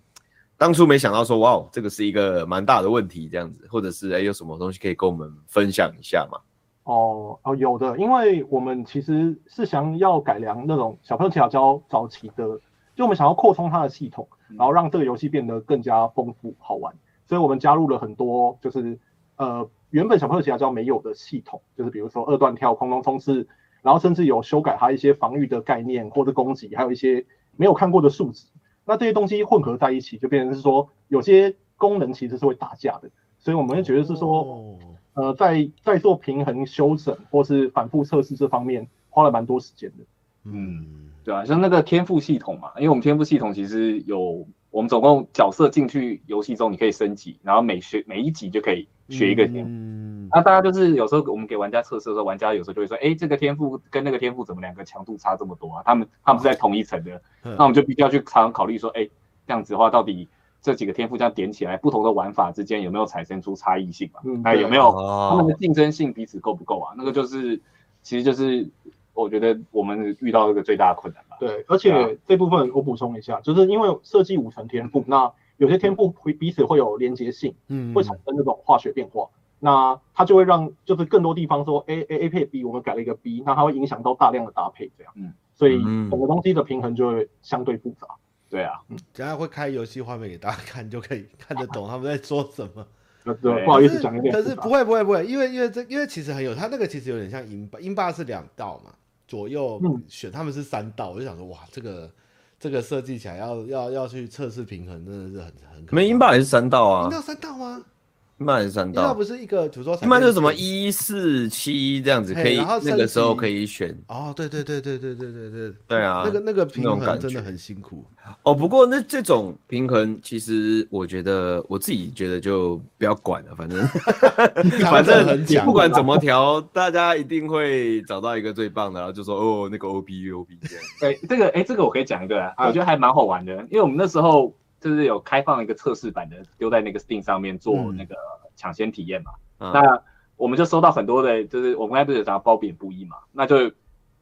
Speaker 2: 當初沒想到說哇哦，這個是一個蠻大的問題這樣子，或者是哎、欸、有什麼東西可以跟我們分享一下嗎？
Speaker 4: 哦哦有的，因為我們其實是想要改良那種小朋友齊打交早期的，就我們想要擴充它的系統，然後讓這個遊戲變得更加豐富好玩，所以我們加入了很多就是呃原本小朋友齊打交沒有的系統，就是比如說二段跳、空中衝刺，然後甚至有修改它一些防禦的概念或者攻擊，還有一些沒有看過的數值。那這些東西混合在一起，就變成是說，有些功能其實是會打架的，所以我們會覺得是說，Oh. 呃，在在做平衡修整或是反復測試這方面花了蠻多時間的。嗯，
Speaker 3: 對啊，像那個天賦系統嘛，因為我們天賦系統其實有，我們總共角色進去遊戲中你可以升級，然後每學每一級就可以學一個天賦。嗯那、啊、大家就是有時候我們給玩家測試的時候，玩家有時候就會說：“哎，這個天賦跟那個天賦怎麼兩個強度差這麼多啊？他們他們是在同一層的、嗯，那我們就必須要去考考慮說，哎，這樣子的話，到底這幾個天賦這樣點起來，不同的玩法之間有沒有產生出差異性、嗯、啊？哎，有沒有他們、哦、的競爭性彼此夠不夠啊？那個就是，其實就是我覺得我們遇到一個最大的困難吧。對，而且、嗯、
Speaker 4: 這部分我補充一下，就是因為設計五層天賦，那有些天賦會彼，彼此會有連結性，嗯，會產生那種化學變化。”那它就會讓，就是更多地方說，A A A 配 B，我們改了一個 B，那它會影響到大
Speaker 1: 量的搭配，這樣，嗯，
Speaker 4: 所以整個東西的平衡就會相對複雜。對啊，嗯、
Speaker 1: 等下會開遊戲畫面給大家看，就可以看得懂他們在說什麼。啊、對不好意思講一點可。可是不會不會不會，因為因為這因為其實很有，它那個其實有點像英霸英霸是兩道嘛，左右選、嗯、他們是三道，我就想說，哇，這個這個設計起來要要要去測試平衡，真的是很
Speaker 2: 很可。沒英霸也是三道啊。英、哦、巴三道嗎、啊？慢上到，不
Speaker 1: 是一個，慢就什麼一
Speaker 2: 四七這樣子，可以307，那個時候可以選。
Speaker 1: 哦，對對對對對對對對對啊！那個那個平衡真的很辛苦。
Speaker 2: 哦，不過那這種平衡，其實我覺得我自己覺得就不要管了，反正 [LAUGHS] 反正不管怎麼調，大家一定會找到一個最棒的，然後就說哦，那個 O B U O B U。哎、欸，這個哎、欸、這個我可以講一個啊，啊。我覺得還蠻好玩的，因為我們那時
Speaker 3: 候。就是有開放一個測試版的，丟在那個 Steam 上面做那個搶先體驗嘛。嗯、那我們就收到很多的，就是我們剛才不是有講褒貶不一嘛？那就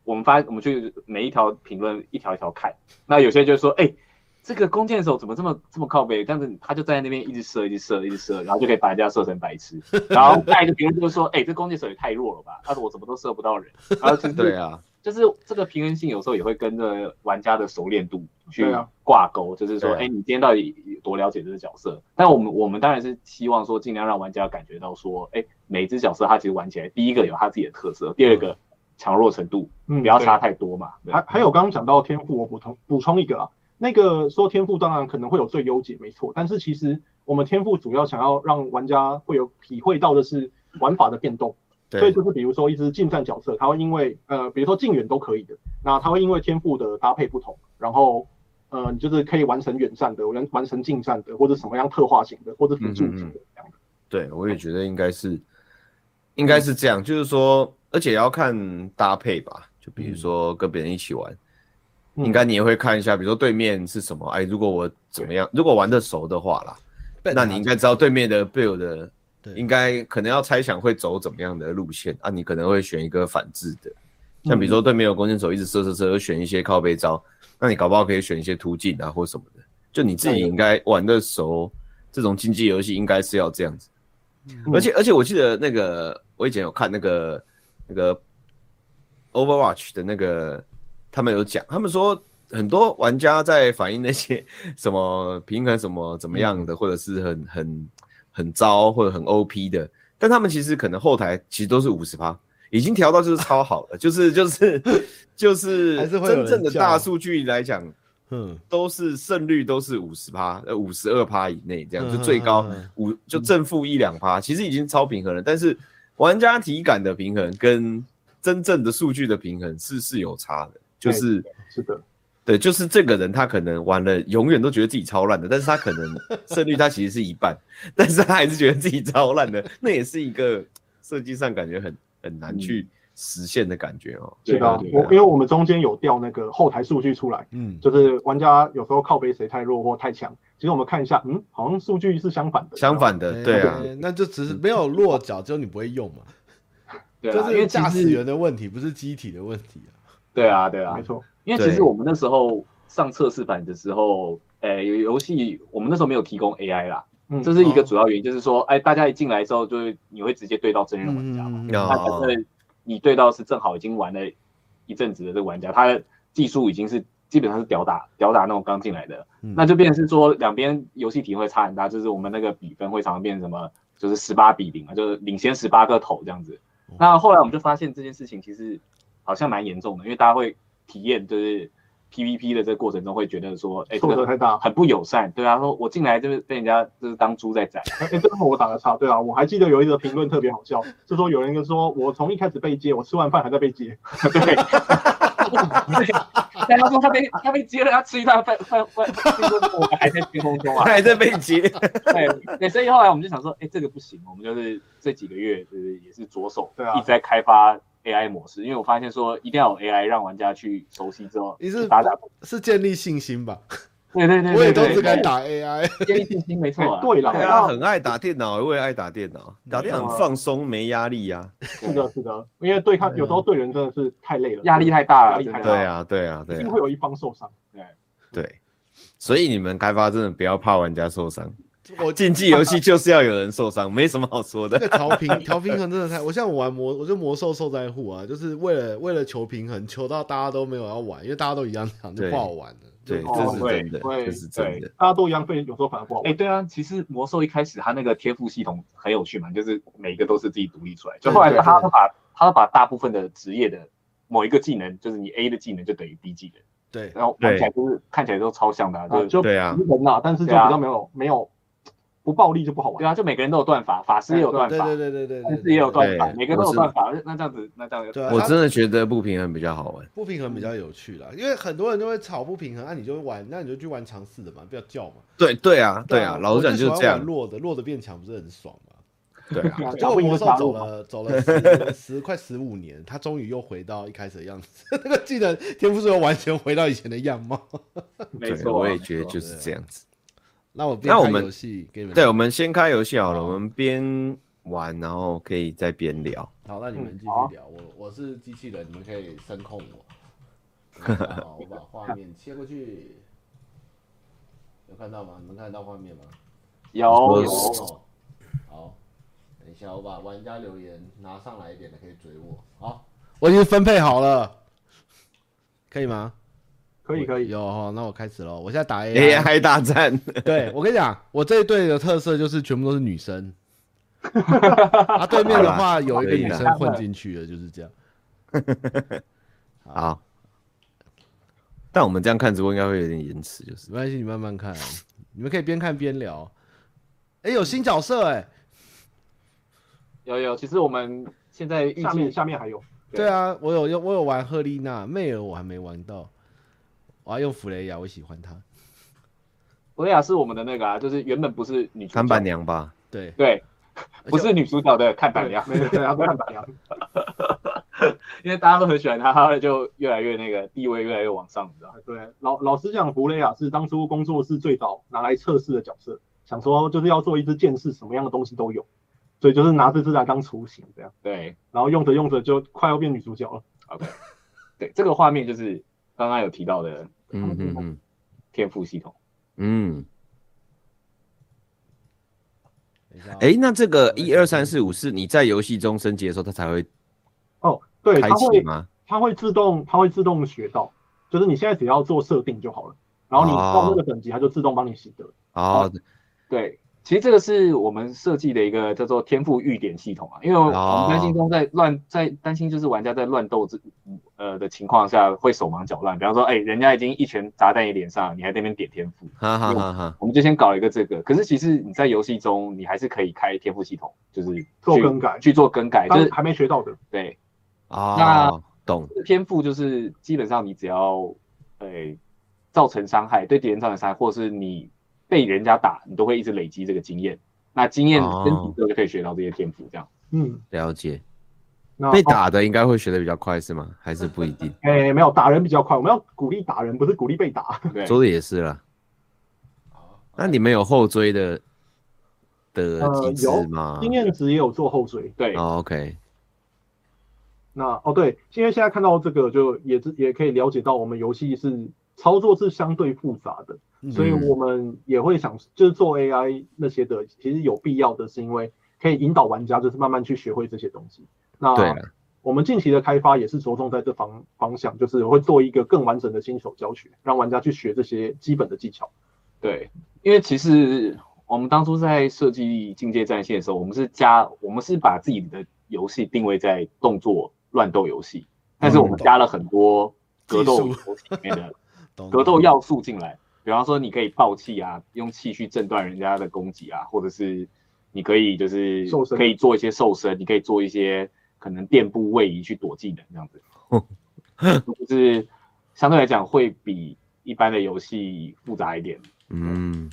Speaker 3: 我們發，我們去每一條評論一條一條看。那有些人就說，哎、欸，這個弓箭手怎麼這麼這麼靠北？但是他就站在那邊一直射，一直射，一直射，然後就可以把人家射成白痴。然後再一個別人就說，哎、 [LAUGHS] 欸，這弓箭手也太弱了吧？他說我怎麼都射不到人？啊、就是， [LAUGHS] 對啊。就是這個平衡性有時候也會跟着玩家的熟練度去掛鈎，就是說，哎，你今天到底有多了解這個角色？但我們我們當然是希望說，盡量讓玩家感覺到說，哎，每一只角色他其實玩起來，第一個有他自己的特色，第二個強弱程度，嗯，不要差太多嘛、嗯。
Speaker 4: 還還有剛剛講到天賦，我補充補充一個啊，那個說天賦當然可能會有最優解，沒錯，但是其實我們天賦主要想要讓玩家會有體會到的是玩法的變動。對，就是比如說一支近戰角色，他會因為呃，比如說近遠都可以的，那他會因為天賦的搭配不同，然後呃，你就是可以完成遠戰的，能完成近戰的，或者什麼樣特化型的，或者輔助型的這樣的、嗯哼
Speaker 2: 哼。對，我也覺得應該是，嗯、應該是這樣，就是說，而且要看搭配吧。就比如說跟別人一起玩，嗯、應該你也會看一下，比如說對面是什麼，嗯、哎，如果我怎麼樣，如果玩的熟的話啦，那你應該知道對面的 build 的。應該可能要猜想會走怎麼樣的路線啊？你可能會選一個反制的，像比如說對面有弓箭手一直射射射，就選一些靠背招、嗯。那你搞不好可以選一些突進啊，或什麼的。就你自己應該玩的熟，這種競技遊戲應該是要這樣子。而且而且我記得那個我以前有看那個那個 Overwatch 的那個，他們有講，他們說很多玩家在反映那些什麼平衡什麼怎麼樣的，嗯嗯或者是很很。很糟，或者很 OP 的，但他們其實可能後台其實都是五十趴，已經調到就是超好的，啊就是，就是就是就是，還是會真正的大數據來講，嗯，都是勝率都是五十趴呃五十二趴以內，這樣就最高五就正負一兩趴，其實已經超平衡了。但是玩家體感的平衡跟真正的數據的平衡是是有差的，就是是的。對，就是這個人，他可能玩了永遠都覺得自己超爛的，但是他可能勝率他其實是一半， [LAUGHS] 但是他還是覺得自己超爛的，那也是一個設計上感覺很很難去實現的感覺哦。是的、嗯、對啊、對啊，我因
Speaker 4: 為我們中間有調那個後台數據出來，嗯，就是玩家有時候靠北誰太弱或
Speaker 1: 太強，其實我們看一下，嗯，好像數據是相反的。
Speaker 2: 相反的，欸、對啊，
Speaker 1: 那就只是沒有落腳，嗯、只有你不會用嘛。對啊，就是、因為駕駛員的問題不是機體的問題啊。
Speaker 3: 對啊，對啊，嗯、沒錯。因為其實我們那時候上測試版的時候，誒，欸、遊戲我們那時候沒有提供 AI 啦，嗯、這是一個主要原因，哦、就是說，哎、欸，大家一進來之後就，就你會直接對到真人玩家嘛，那、嗯啊、你對到是正好已經玩了一陣子的這個玩家，他的技術已經是基本上是屌打屌打那種剛進來的、嗯，那就變成是說兩邊遊戲體會差很大，就是我們那個比分會常常變成什麼，就是十八比零啊，就是領先十八個頭這樣子、嗯。那後來我們就發現這件事情其實好像蠻嚴重的，因為大家會。體驗就是 PVP 的這個過程中會覺得說，哎、欸，錯的太大，很不友善。對啊，說我進來就是被人家就是當豬在宰。
Speaker 4: 哎、 [LAUGHS] 欸，這個我打得差，對啊，我還記得有一個評論特別好笑，就說有人就說我從一開始被接，我吃完飯還在被接。 [LAUGHS] 對，
Speaker 3: 他 [LAUGHS] [LAUGHS] 說他被他被接了，他吃一頓飯飯飯，他，他我聽說我還在天空中啊，還在， [LAUGHS] 還在被接。 [LAUGHS] 對對，所以後來我們就想說，哎、欸，這個不行，我們就是這幾個月就是也是着手對、啊、一直在開發。AI 模式，因為我發現說一定要有 AI
Speaker 1: 讓玩家去熟悉之後，你是打打是建立信心吧？
Speaker 2: 對對對、對， [LAUGHS] 我也都是在打 AI，建立信心沒錯、啊。對了，大家、啊、很愛打電腦，我也愛打電腦，打電腦放鬆沒壓力呀、啊。是的，是
Speaker 4: 的，因為對抗、啊、有時候對人真的是太累了，壓力、力、力、力太大了，對啊，對啊，
Speaker 2: 對啊，定、啊、會有
Speaker 4: 一方受傷。
Speaker 2: 對對，所以你們開發真的不要怕玩家受傷。我競技遊戲就是要有人受傷， [LAUGHS] 沒什麼好說的。調
Speaker 1: 平調平衡真的太…… [LAUGHS] 我現在我玩魔，我就魔獸受災戶啊，就是為了為了求平衡，求到大家都沒有要玩，因為大家都一樣想就不好玩了。對，對。這是真的，對，對，這是真
Speaker 3: 的。
Speaker 4: 大家都一樣，會
Speaker 1: 有時候
Speaker 3: 反而不好玩、欸。對啊，其實魔獸一開始它那個天賦系統很有趣嘛，就是每一個都是自己獨立出來。就後來它會把它把大部分的職業的某一個技能，就是你 A 的技能就等於 B 技能。對。然後看起來就是看起來都超像的、啊啊，就平衡啊,啊，但是就比較沒有、啊、沒有。不暴力就不好玩，對啊，就每個人都有斷法，法師也有斷法，對對對對對，法師
Speaker 1: 也有斷法，對對對對每個人都有斷法，那這樣子，那這樣
Speaker 2: 子對、啊，我真的覺得不平衡比較好玩，
Speaker 1: 不平衡比較有趣啦，因為很多人就會吵不平衡，那、啊、你就玩，那你就去玩嘗試的嘛，不要叫嘛，對對啊，對啊，對啊老實講就是這樣，就弱的弱的變強不是很爽嗎？對啊，這個魔獸走了 [LAUGHS] 走、啊、走了十快十,十五年，他終於又回到一開始的樣子， [LAUGHS] [LAUGHS] 那個技能天賦是又完全回到以前的樣貌，沒錯、啊，我也覺得
Speaker 2: 就是這樣子。那我那我們，給你們對，對，我們先開遊戲好了，好我們邊玩，然後可以再邊聊。好，那
Speaker 1: 你們繼續聊，嗯、我、啊、我是機器人，你們可以聲控我。
Speaker 2: 好
Speaker 1: [LAUGHS] 我把畫面切過去， [LAUGHS] 有看到嗎？能看得到畫面嗎？
Speaker 3: 有、哦，有？
Speaker 1: 有。好，等一下我把玩家留言拿上來一點的可以追我。好，我已經分配好了，可以嗎？可以可以有好，那我開始了。我現在打 A I 大戰，對，我跟你講，我這一隊的特色就是全部都是女生。 [LAUGHS] 啊，對面的話 [LAUGHS] 有一個女生混進去了的，就是這樣。
Speaker 2: 好， [LAUGHS] 好，但我們這樣看直播應該會有點延遲，就是沒關係，你慢慢看，
Speaker 1: [LAUGHS] 你們可以邊看邊聊。哎、欸，有新角色哎、欸，
Speaker 3: 有有。其實我們現在下面下面
Speaker 1: 還有。對，對啊，我有有我有玩赫麗娜，
Speaker 2: 妹兒我還沒玩到。我要用弗雷雅，我喜歡她。
Speaker 3: 弗雷雅是我們的那個啊，就是原本不是女主角，
Speaker 2: 看板娘吧？對對，不是女主角
Speaker 3: 的看板娘，沒錯，看板娘。 [LAUGHS] 因為大家都很喜歡她，她就越來越那個地位越來越往上，你知道嗎？對，
Speaker 4: 老老實講，弗雷雅是當初工作室最早拿來測試的角色，想說就是要做一支劍士，什麼樣的東西都有，所以就是拿這
Speaker 3: 支來當雛形，這樣對。然後用着用着就快要變女主角了。OK，對，這個畫面就是剛剛有提到的。嗯嗯，天賦系統
Speaker 2: 嗯，嗯，等、欸、哎，那這個一二三四五是你在遊戲中升級的時候，它才會
Speaker 4: 哦，對，開啟嗎？它會自動，它會自動學到，就是你現在只要做設定就好了，
Speaker 2: 然後你到那個
Speaker 4: 等級，哦、它就自動幫你
Speaker 3: 習得了。啊、哦嗯，對。其實這個是我們設計的一個叫做天賦預點系統啊，
Speaker 2: 因為我們擔心中
Speaker 3: 在亂在擔心就是玩家在亂鬥之呃的情況下會手忙腳亂，比方說哎、欸、人家已經一拳砸在你臉上了，你還在那邊點天賦，
Speaker 2: 哈哈哈
Speaker 3: 哈，我們就先搞一個這個。可是其實你在遊戲中，你還是可以開天賦系統，就是去做更改，去做更改，就是還沒學到的。就是、對，啊，那懂。就是、天賦就是基本上你只要哎、欸、造成傷害，對敵人造成傷害，或是你。被人家打，你都會一直累積這個經驗。那經驗升級之後就可以學到這些天賦，這樣、
Speaker 2: 哦。嗯，了解。被打的應該會學得比較快、哦，是嗎？還是不一定？哎、欸，
Speaker 4: 沒有打人比較快，我們要鼓勵打人，不是鼓勵被打。
Speaker 2: 說的也是啦。那你們有後追的的機制嗎？呃、經
Speaker 4: 驗值也有做後追。對、哦，OK。那哦對，因為現在看到這個，就也也也可以了解到我們遊戲是。操作是相對複雜的，所以我們也會想就是做 AI 那些的。嗯、其實有必要的，是因為可以引導玩家，就是慢慢去學會這些東西。
Speaker 3: 那對
Speaker 4: 我們近期的開發也是着重在這方方向，就是會做一個更完整的新手教學，讓玩家去學這些基本的技巧。
Speaker 3: 對，因為其實我們當初在設計《盡界戰線》的時候，我們是加，我們是把自己的遊戲定位在動作亂鬥遊戲，但是我們加了很多格鬥裡面的。格鬥要素進來，比方說你可以爆氣啊，用氣去震斷人家的攻擊啊，或者是你可以就是可以做一些受身，身，你可以做一些可能墊步位移去躲技能這
Speaker 2: 樣子，
Speaker 3: 哦、 [LAUGHS] 就是相對來講會比一般的遊戲複雜一點。嗯，嗯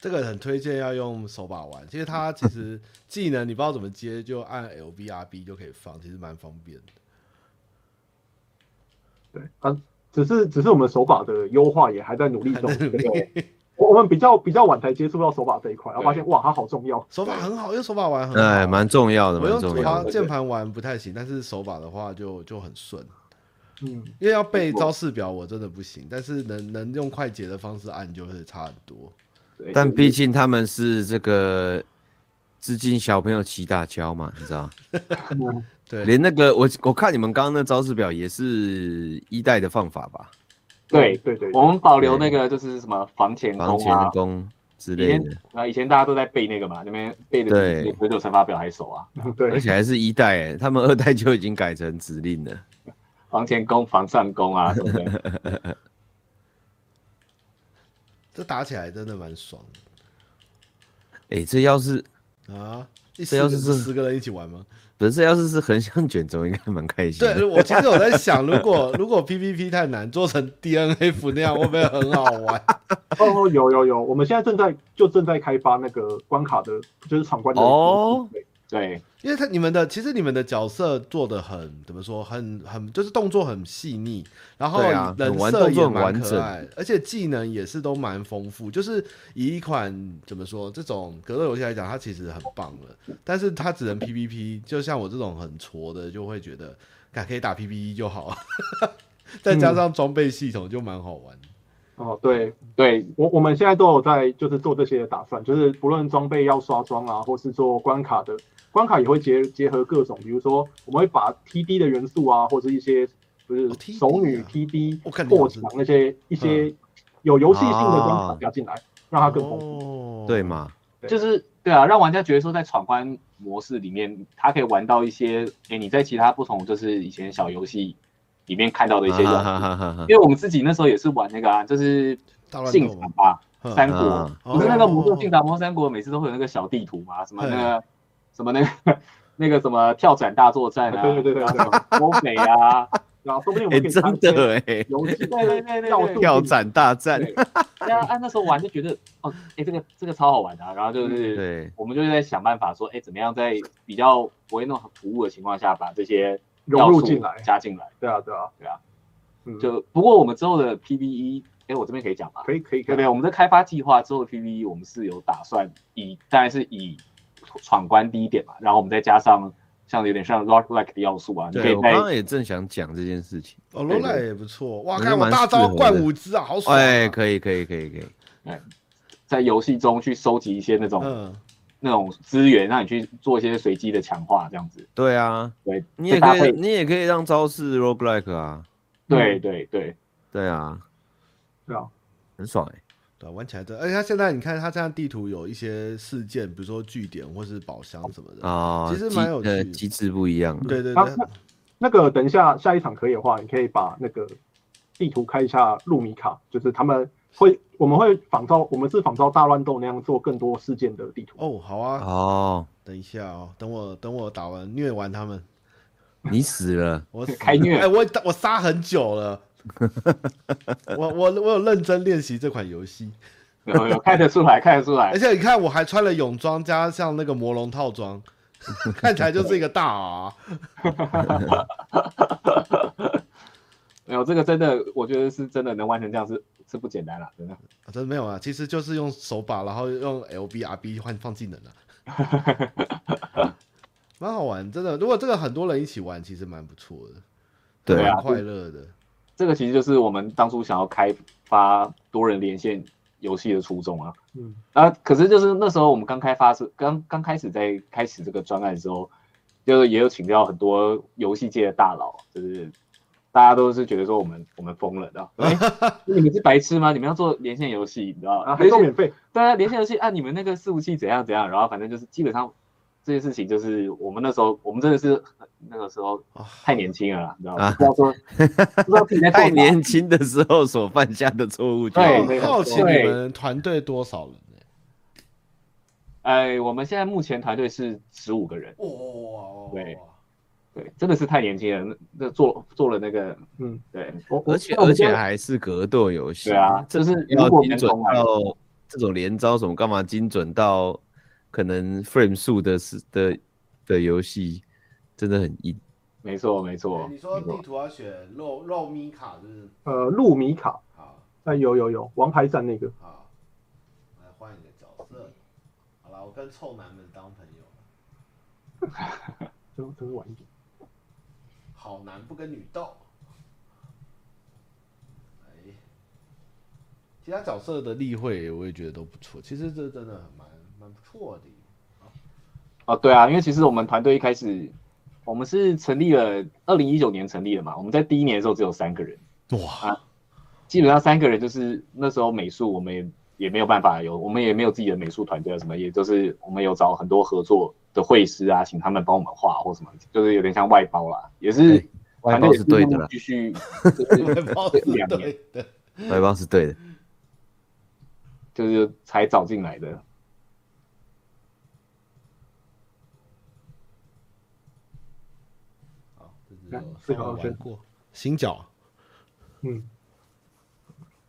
Speaker 1: 這個很推薦要用手把玩，其實它其實技能你不知道怎麼接，就按 L B R B 就可以放，其實蠻方便的。對、
Speaker 4: 嗯、啊。只是只是我們手把的優化也還在努力中。我 [LAUGHS] 我們比較比較晚才接觸到手把這一塊，然後發現哇，它好重要。手把很好，用手把玩很好。
Speaker 2: 哎，蠻重要的，蠻重要的鍵
Speaker 1: 盤玩不太行，對對對，但是手把的話就就很順。嗯，因為要背招式表我真的不行，但是能能用快捷的方式按就是差很
Speaker 2: 多。但畢竟他們是這個資金小朋友騎大喬嘛，你知道。 [LAUGHS] [LAUGHS] 連那個我我看你們剛剛那招式表也是一代的方法吧？對，嗯、對，對對對，我們保留那個
Speaker 3: 就是什麼防前、啊、前攻之類的以、啊。以前大家都在背那個嘛，那邊背的比乘法表還熟
Speaker 1: 啊。對，而且還是
Speaker 2: 一代、欸，他們二代就已經改成指令了，防前攻、防上攻啊對對
Speaker 1: [LAUGHS] 這打起來真的蠻爽的。
Speaker 2: 哎、欸，這要是啊。這要是是
Speaker 1: 四個，個人一起玩嗎？
Speaker 2: 不是，這要是這是橫向捲軸，應該蠻開心的對。對我其實我在想， [LAUGHS] 如果
Speaker 1: 如果 PVP 太難，做成 DNF 那樣，我會不會很好玩 [LAUGHS] 哦？哦有有
Speaker 4: 有，我們現在正在就正在開發那個關卡的，就是闖關的。哦。
Speaker 1: 對，因為他你們的其實你們的角色做的很怎麼說很很就是動作很細膩，然後人設也蠻可愛、啊很很完，而且技能也是都蠻豐富，就是以一款怎麼說這種格鬥遊戲來講，它其實很棒了。但是它只能 PVP，就像我這種很矬的，就會覺得，敢可以打 PVE 就好， [LAUGHS] 再加上裝備系統就蠻好玩、嗯。哦，對，
Speaker 3: 對
Speaker 4: 我我們現在都有在就是做這些的打算，就是不論裝備要刷裝啊，或是做關卡的。關卡也會結結合各種，比如說我們會把 T D 的元素啊，或者是一些不是手女 TD、oh, T D 或、喔、者那些一些有遊戲性的關卡加進來、
Speaker 2: 啊，讓它更豐富、oh, 就是，對嘛？
Speaker 3: 就是對啊，讓玩家覺得說在闖關模式裡面，他可以玩到一些、欸、你在其他不同就是以前小遊戲裡面看到的一些元、啊、因為我們自己那時候也是玩那個啊，就是、啊《進藏吧三國》，不、啊、是那個模《魔獸進藏魔三國》，每次都會有那個小地圖嘛，呵呵呵什麼那個。呵呵呵什麼那個那個什麼跳傘大作戰啊、欸欸？對對對對對，歐美啊，然後說不定我們
Speaker 2: 給他們遊戲跳傘大戰。對,
Speaker 3: 對啊按、 [LAUGHS] 啊、那時候玩就覺得哦，哎、欸、這個這個超好玩的、啊。然後就是、嗯，我們就在想辦法說，哎、欸、怎麼樣在比較不會弄很突兀的情況下把這些進融入進來，加進來。對啊對啊對啊，對啊嗯、就不過我們之後的 PVE，哎、欸、我這邊可以講嗎？可以可以可以，我們的開發計劃之後的 PVE，我們是有打算以，當然是以。闖關第一點嘛，然後我們再加上像有點像 Roguelike 的要素啊。對，你可以，我剛，剛
Speaker 2: 也正想講這件事情。哦，Roguelike 也不
Speaker 1: 錯。哇，看我大招灌五隻啊，好爽，啊！哎，
Speaker 2: 可以，可以，可以，可以，
Speaker 3: 哎，在遊戲中去收集一些那種、嗯、那種資源，讓你去做一些隨機
Speaker 2: 的
Speaker 1: 強化，這樣子。對啊，對，你也可以，以可
Speaker 2: 以你也可以讓招式 Roguelike 啊、嗯。對對對對啊，
Speaker 1: 對啊，
Speaker 2: 很爽哎、欸。
Speaker 1: 玩起來的，而、欸、且他現在你看，他這張地圖有一些事件，比如說據點或是寶箱什麼
Speaker 2: 的啊、哦，其實蠻有呃機制不一樣的。對
Speaker 1: 對對、啊那，那個等一下下一場可以的話，你可以把
Speaker 4: 那個地圖開一下路米卡，就是他們會我們會仿照我們
Speaker 1: 是仿照大亂鬥那樣做更多事件的地圖。哦，好啊，
Speaker 2: 哦，等
Speaker 1: 一下哦，等我等我打完虐完他們。
Speaker 2: 你死了，我開虐，哎、欸，
Speaker 1: 我我殺很久了。 [LAUGHS] 我我我有認真練習這款遊戲， [LAUGHS] 有有，看得出來，看得出來。而且你看，我還穿了泳裝加上那個魔龍套裝， [LAUGHS] 看起來就是一個大
Speaker 3: R。 [LAUGHS] [LAUGHS] 沒有這個真的，我覺得是真的能完成這樣是是不簡單啦，真
Speaker 1: 的，啊。真的沒有啊，其實就是用手把，然後用 L B R B 換放技能的，啊，哈哈哈哈哈。蠻好玩，真的。如果這個很多人一起玩，其實蠻不錯的，對啊，蠻快樂的。
Speaker 3: 這個其實就是我們當初想要開發多人連線遊戲的初衷啊。嗯啊，可是就是那時候我們剛開發是剛剛開始在開始這個專案的時候，就是也有請教很多遊戲界的大佬，就是大家都是覺得說我們我們瘋了的、 [LAUGHS] 哎，你們是白痴嗎？你們要做連線遊戲，你知道？啊，還免費還？對啊，連線遊戲按、啊、你們那個伺服器怎樣怎樣，然後反正就是基本上。這件事情就是我們那時候，我們真的是
Speaker 1: 那個時候
Speaker 3: 太年輕了，哦、你知道嗎、
Speaker 2: 啊知道 [LAUGHS] 知道？太年輕的時候所犯下的錯誤就對。對，好奇你們
Speaker 1: 團隊
Speaker 3: 多少人？哎、呃，我們現在目前團隊是十五個人。哇哦！對對，真的是太年輕人那做做了那個，嗯，對。而且而且還
Speaker 2: 是格鬥遊戲，對啊，這、就是要精準到這種連招什麼幹嘛？精準到。可能 frame 數的是的的遊戲真的很硬，沒錯沒錯、欸。你說地
Speaker 1: 圖要選露露米卡就是，是
Speaker 4: 呃露米卡，啊，哎有有有，王牌戰那個。好，
Speaker 1: 來換一個角色，嗯、好了，我跟臭男們當朋友。哈哈哈就
Speaker 4: 是
Speaker 1: 就是玩一點。好男不跟女鬥。哎、欸，其他角色的立繪我也覺得都不錯，其實這真的很慢。不錯的、啊。哦、啊，對啊，因為其實我們
Speaker 3: 團隊一開始，我們是成立了，二零一九年成立的嘛。我們在第一年的時候只有三個人。哇！啊、基本上三個人就是那時候美術，我們也，也沒有辦法有，我們也沒有自己的美術團隊、啊、什麼，也就是我們有找很多合作的繪師啊，請他們幫我們畫或什麼，就是有點像外包啦。也是
Speaker 1: 外包是對的。繼續外包的兩年， [LAUGHS] 外包
Speaker 2: 是對的，
Speaker 3: 就是才找進來的。四個先
Speaker 1: 過，新角，嗯，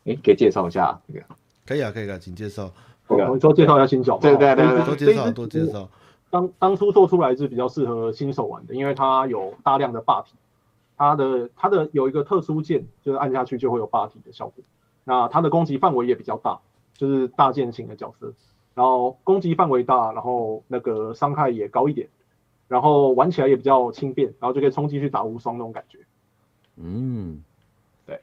Speaker 1: 哎、欸，給介紹一下、這個？可以啊，可以的、啊，請介紹、這個。我們多介紹一下新角吧、這個。對對對，多介紹、啊這個、多介紹、這個。當當初做出來是
Speaker 4: 比較適合新手玩的，因為它有大量的霸體，它的它的有一個特殊鍵，就是按下去就會有霸體的效果。那它的攻擊範圍也比較大，就是大劍型的角色。然後攻擊範圍大，然後那個傷害也高一點。然後玩起來也比較輕便，然後就可以衝擊去打無雙那種感覺。
Speaker 3: 嗯，對。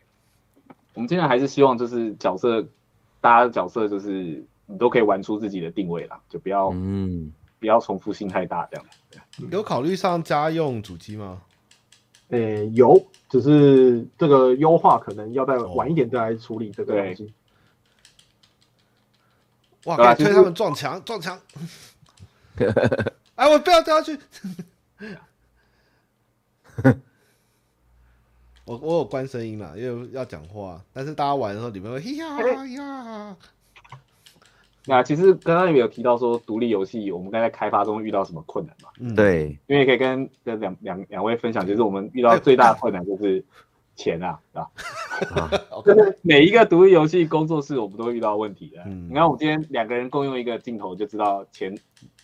Speaker 3: 我們今天還是希望就是角色，大家的角色就是你都可以玩出自己的定位啦，就不要嗯，不要重複性太大這樣。
Speaker 1: 有考慮上家用主機嗎、嗯？誒，有，只是這
Speaker 4: 個優化可能要再晚一點再來處理這個東西。哦、
Speaker 1: 哇，可、啊、以、就是、推他們撞牆撞牆。 [LAUGHS] 哎，我不要掉下去。 [LAUGHS] 我我有關聲音嘛，因為要講話。但是大家玩的時候裡面，你們會嘿
Speaker 3: 呀呀。那其實剛剛有有提到說，獨立遊戲我們剛在開發中遇到什麼困難嘛？嗯，對。因為可以跟這兩兩兩位分享，就是我們遇到最大的困難就是。錢啊，是吧？啊就是、每一個獨立遊戲工作室，我們都會遇到問題的、欸。嗯，你看，我們今天兩個人共用一個鏡頭，就知道錢。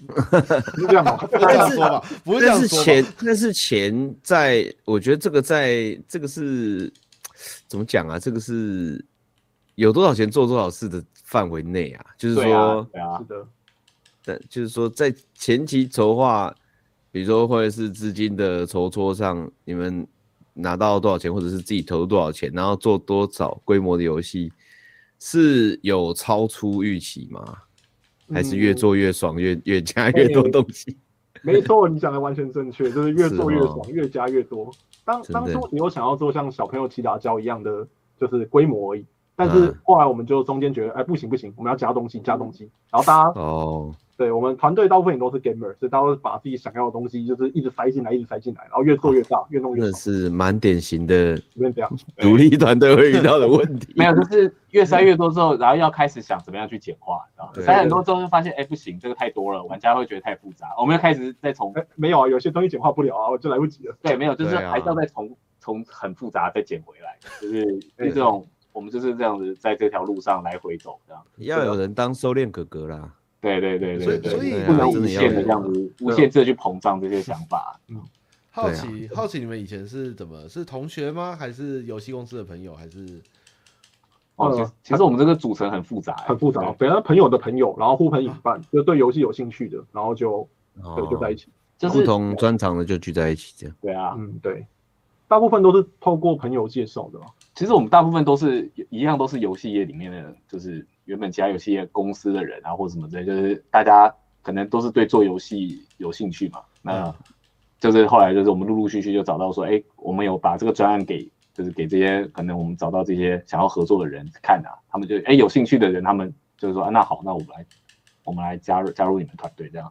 Speaker 3: 不是哈哈哈哈！不是這樣說吧？
Speaker 2: 不是這樣說。是錢，但是錢在，在我覺得這個在這個是怎麼講啊？這個是有多少錢做多少事的範圍內啊？就是說，對是、啊啊、就是說，在前期籌劃，比如說會是資金的籌措上，你們。拿到多少錢，或者是自己投入多少錢，然後做多少規模的遊戲，是有超出預期嗎？還是越做越爽，嗯、越越加越多東西？
Speaker 4: 欸、沒錯，你講的完全正確，就是越做越爽，越加越多。當當初你又想要做像小朋友踢打膠一樣的就是規模而已，但是後來我們就中間覺得，哎、嗯欸、不行不行，我們要加東西，加東西，
Speaker 2: 然後大家哦。
Speaker 4: 對我們團隊大部分都是 gamer，所以他會把自己想要的東西，就是一直塞進來，一直塞進來，然後越做越大，啊、越弄越大。這
Speaker 2: 是蠻典型的，
Speaker 4: 獨
Speaker 2: 立團隊會遇到的問題。 [LAUGHS] 沒有，
Speaker 3: 就是越塞越多之後，然後要開始想怎麼樣去簡化。嗯、對對對，塞很多之後就發現，哎、欸，不行，這個太多了，玩家會覺得太複雜。我們要開始再從、欸，沒有啊，有些東西簡化不了啊，我就來不及了。對，沒有，就是還是要再從從很複雜再撿回來，就是這種，我們就是這樣子在這條路上來回走這樣。要
Speaker 2: 有人當收斂哥哥啦。對對對，對，對，所以所以不能無限的這樣子的的無限制的去膨脹這
Speaker 3: 些想法。嗯，
Speaker 1: 好奇、啊、好奇你們以前是怎麼？是同學嗎？還是遊戲公司的朋友？還是？哦，其實、嗯、
Speaker 3: 其實我們這個組成很複雜、欸，很複雜。
Speaker 1: 本來
Speaker 4: 朋友的朋友，然後呼朋引伴，就對遊戲有興趣的，然後就就、哦、就在一起。就是、不同專
Speaker 2: 長的就聚在一起，這樣。
Speaker 3: 對啊，嗯對，大部分都是透過朋友介紹的嘛。其實我們大部分都是一樣，都是遊戲業裡面的，就是。原本其他遊戲公司的人啊，或者什麼之類，就是大家可能都是對做遊戲有興趣嘛。那就是後來就是我們陸陸續續就找到說，哎、欸，我們有把這個專案給，就是給這些可能我們找到這些想要合作的人看啊。他們就哎、欸、有興趣的人，他們就是說，啊、那好，那我們來我們來加入加入你們團隊，這樣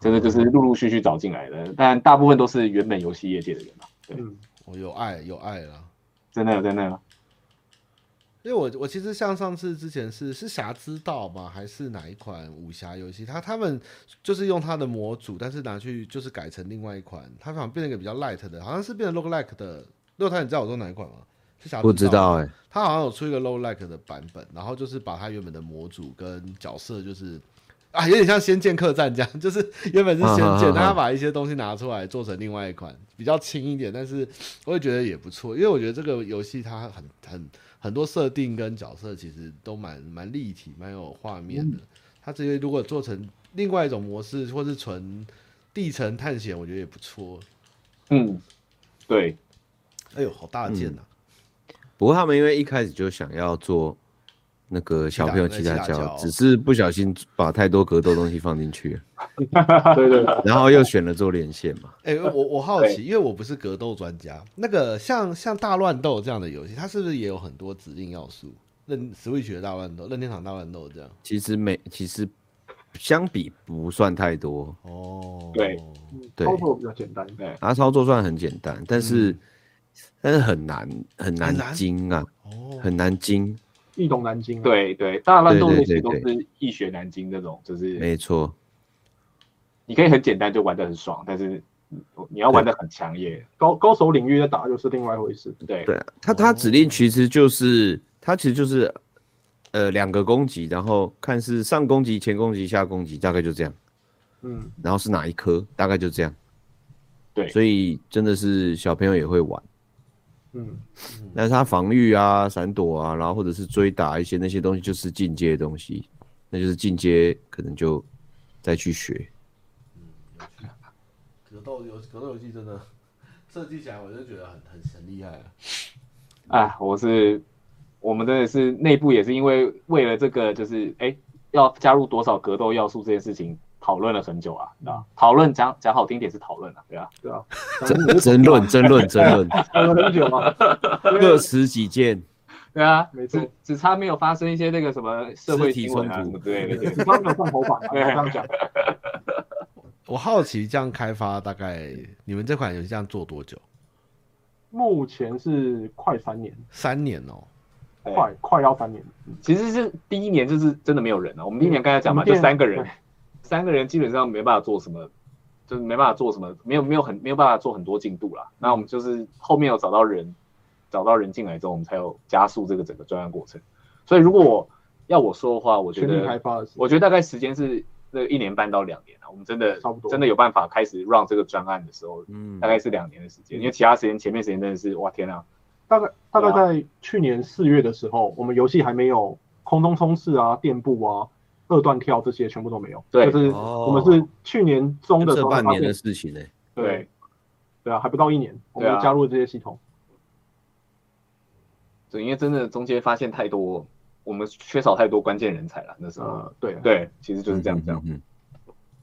Speaker 3: 真的就是陸陸續續找進來
Speaker 1: 的。但大部分都是原本遊戲業界的人嘛。對，嗯、我有愛有愛了，在那有在那個。因為我我其實像上次之前是是俠之道嗎？還是哪一款武俠遊戲？他他們就是用他的模組，但是拿去就是改成另外一款，它好像變成一個比較 light 的，好像是變成 Roguelike 的。六太，你知道我說哪一款嗎？是俠之道。不知道哎、欸。他好像有出一個 Roguelike 的版本，然後就是把他原本的模組跟角色，就是啊，有點像《仙劍客棧》這樣，就是原本是仙劍，啊、他把一些東西拿出來做成另外一款比較輕一點，但是我也覺得也不錯，因為我覺得這個遊戲它很很。很多設定跟角色其實都蠻蠻立體，蠻有畫面的。它這些如果做成另外一種模式，或是純地層探險，我覺得也不錯。
Speaker 2: 嗯，對。
Speaker 1: 哎呦，好大件吶、
Speaker 2: 啊嗯！不過他們因為一開始就想要做。那個小朋友其他腳，只是不小心把太多格鬥東西放進去。對對。然後又選了做連線嘛。
Speaker 1: 哎、欸，我我好奇，因為我不是格鬥專家。那個像像大亂鬥這樣的遊戲，它是不是也有很多指令要素？任 Switch 的大亂鬥、任天堂大亂鬥這樣？
Speaker 2: 其實沒，其實相比不算太多哦。
Speaker 1: 對、嗯，操
Speaker 2: 作比
Speaker 4: 較簡
Speaker 2: 單。對，它操作算很簡單，但是、嗯、但是很難很難精啊，很難、哦、很難精。
Speaker 3: 易懂難精。對對，大
Speaker 2: 亂鬥其實都是易
Speaker 3: 學難精那種，對對對對對就是沒錯。你可以很簡單就玩得很爽，但是你要玩得很強烈，高高手領域的打就是另外一回事。對
Speaker 4: 對、
Speaker 2: 啊，他他指令其實就是他其實就是，呃，兩個攻擊，然後看是上攻擊、前攻擊、下攻擊，大概就這樣。嗯。然後是哪一顆？大概就這樣。對，所以真的是小朋友也會玩。嗯，那、嗯、他防禦啊、閃躲啊，然後或者是追打一些那些東西，就是進階的東西，那就是進階，可能就再去學。嗯，有
Speaker 1: 趣啊、格鬥遊格鬥遊戲真的設計起來，我就覺得很很厲害啊、嗯！
Speaker 3: 啊，我是我們真的是內部也是因為為了這個，就是哎、欸、要加入多少格鬥要素這件事情。討論了很久啊，對，討論講，講好聽點是討論了，對吧？對
Speaker 2: 啊，爭，爭論爭論爭論，
Speaker 3: 討 [LAUGHS] 論、 [LAUGHS] 啊、很久了、啊， [LAUGHS] 各
Speaker 2: 執己見。對啊，
Speaker 3: 每次只，只差沒有發生一些那個什麼社會衝突之類的、類的、類的、類的，只差沒有上頭版。剛剛講。
Speaker 2: 我好奇這樣開發大
Speaker 1: 概你們這款遊戲這樣做多久？
Speaker 4: [LAUGHS] 目前是快三年，
Speaker 1: 三年哦，欸、快
Speaker 3: 快要三年、
Speaker 1: 嗯。其實是第一年就是真的沒有人了、啊，
Speaker 3: 我們第一年剛才講嘛，就三個人。 [LAUGHS] 三個人基本上沒辦法做什麼，就是沒辦法做什麼，沒有沒有很沒有辦法做很多進度了、嗯。那我們就是後面有找到人，找到人進來之後，我們才有加速這個整個專案過程。所以如果我要我說的話，我覺得我覺得大概時間是那一年半到兩年了。我們真的真的有辦法開始 run 這個專案的時候，嗯，大概是兩年的時間。嗯、因為其他時間前面時間真的是哇天啊！大概大
Speaker 4: 概在去年四月的時候，我們遊戲還沒有空中衝刺啊、墊步啊。二段跳這些全部都沒有，對，就是我們是去年中的時候這半年的事
Speaker 2: 情呢，對，
Speaker 3: 對啊，
Speaker 4: 還不到一年，啊、我們加入
Speaker 3: 這些系統。對，因為真的中間發現太多，我們缺少太多關鍵人才了。那時候，呃、
Speaker 2: 對對，其實就是這樣這樣。嗯，嗯，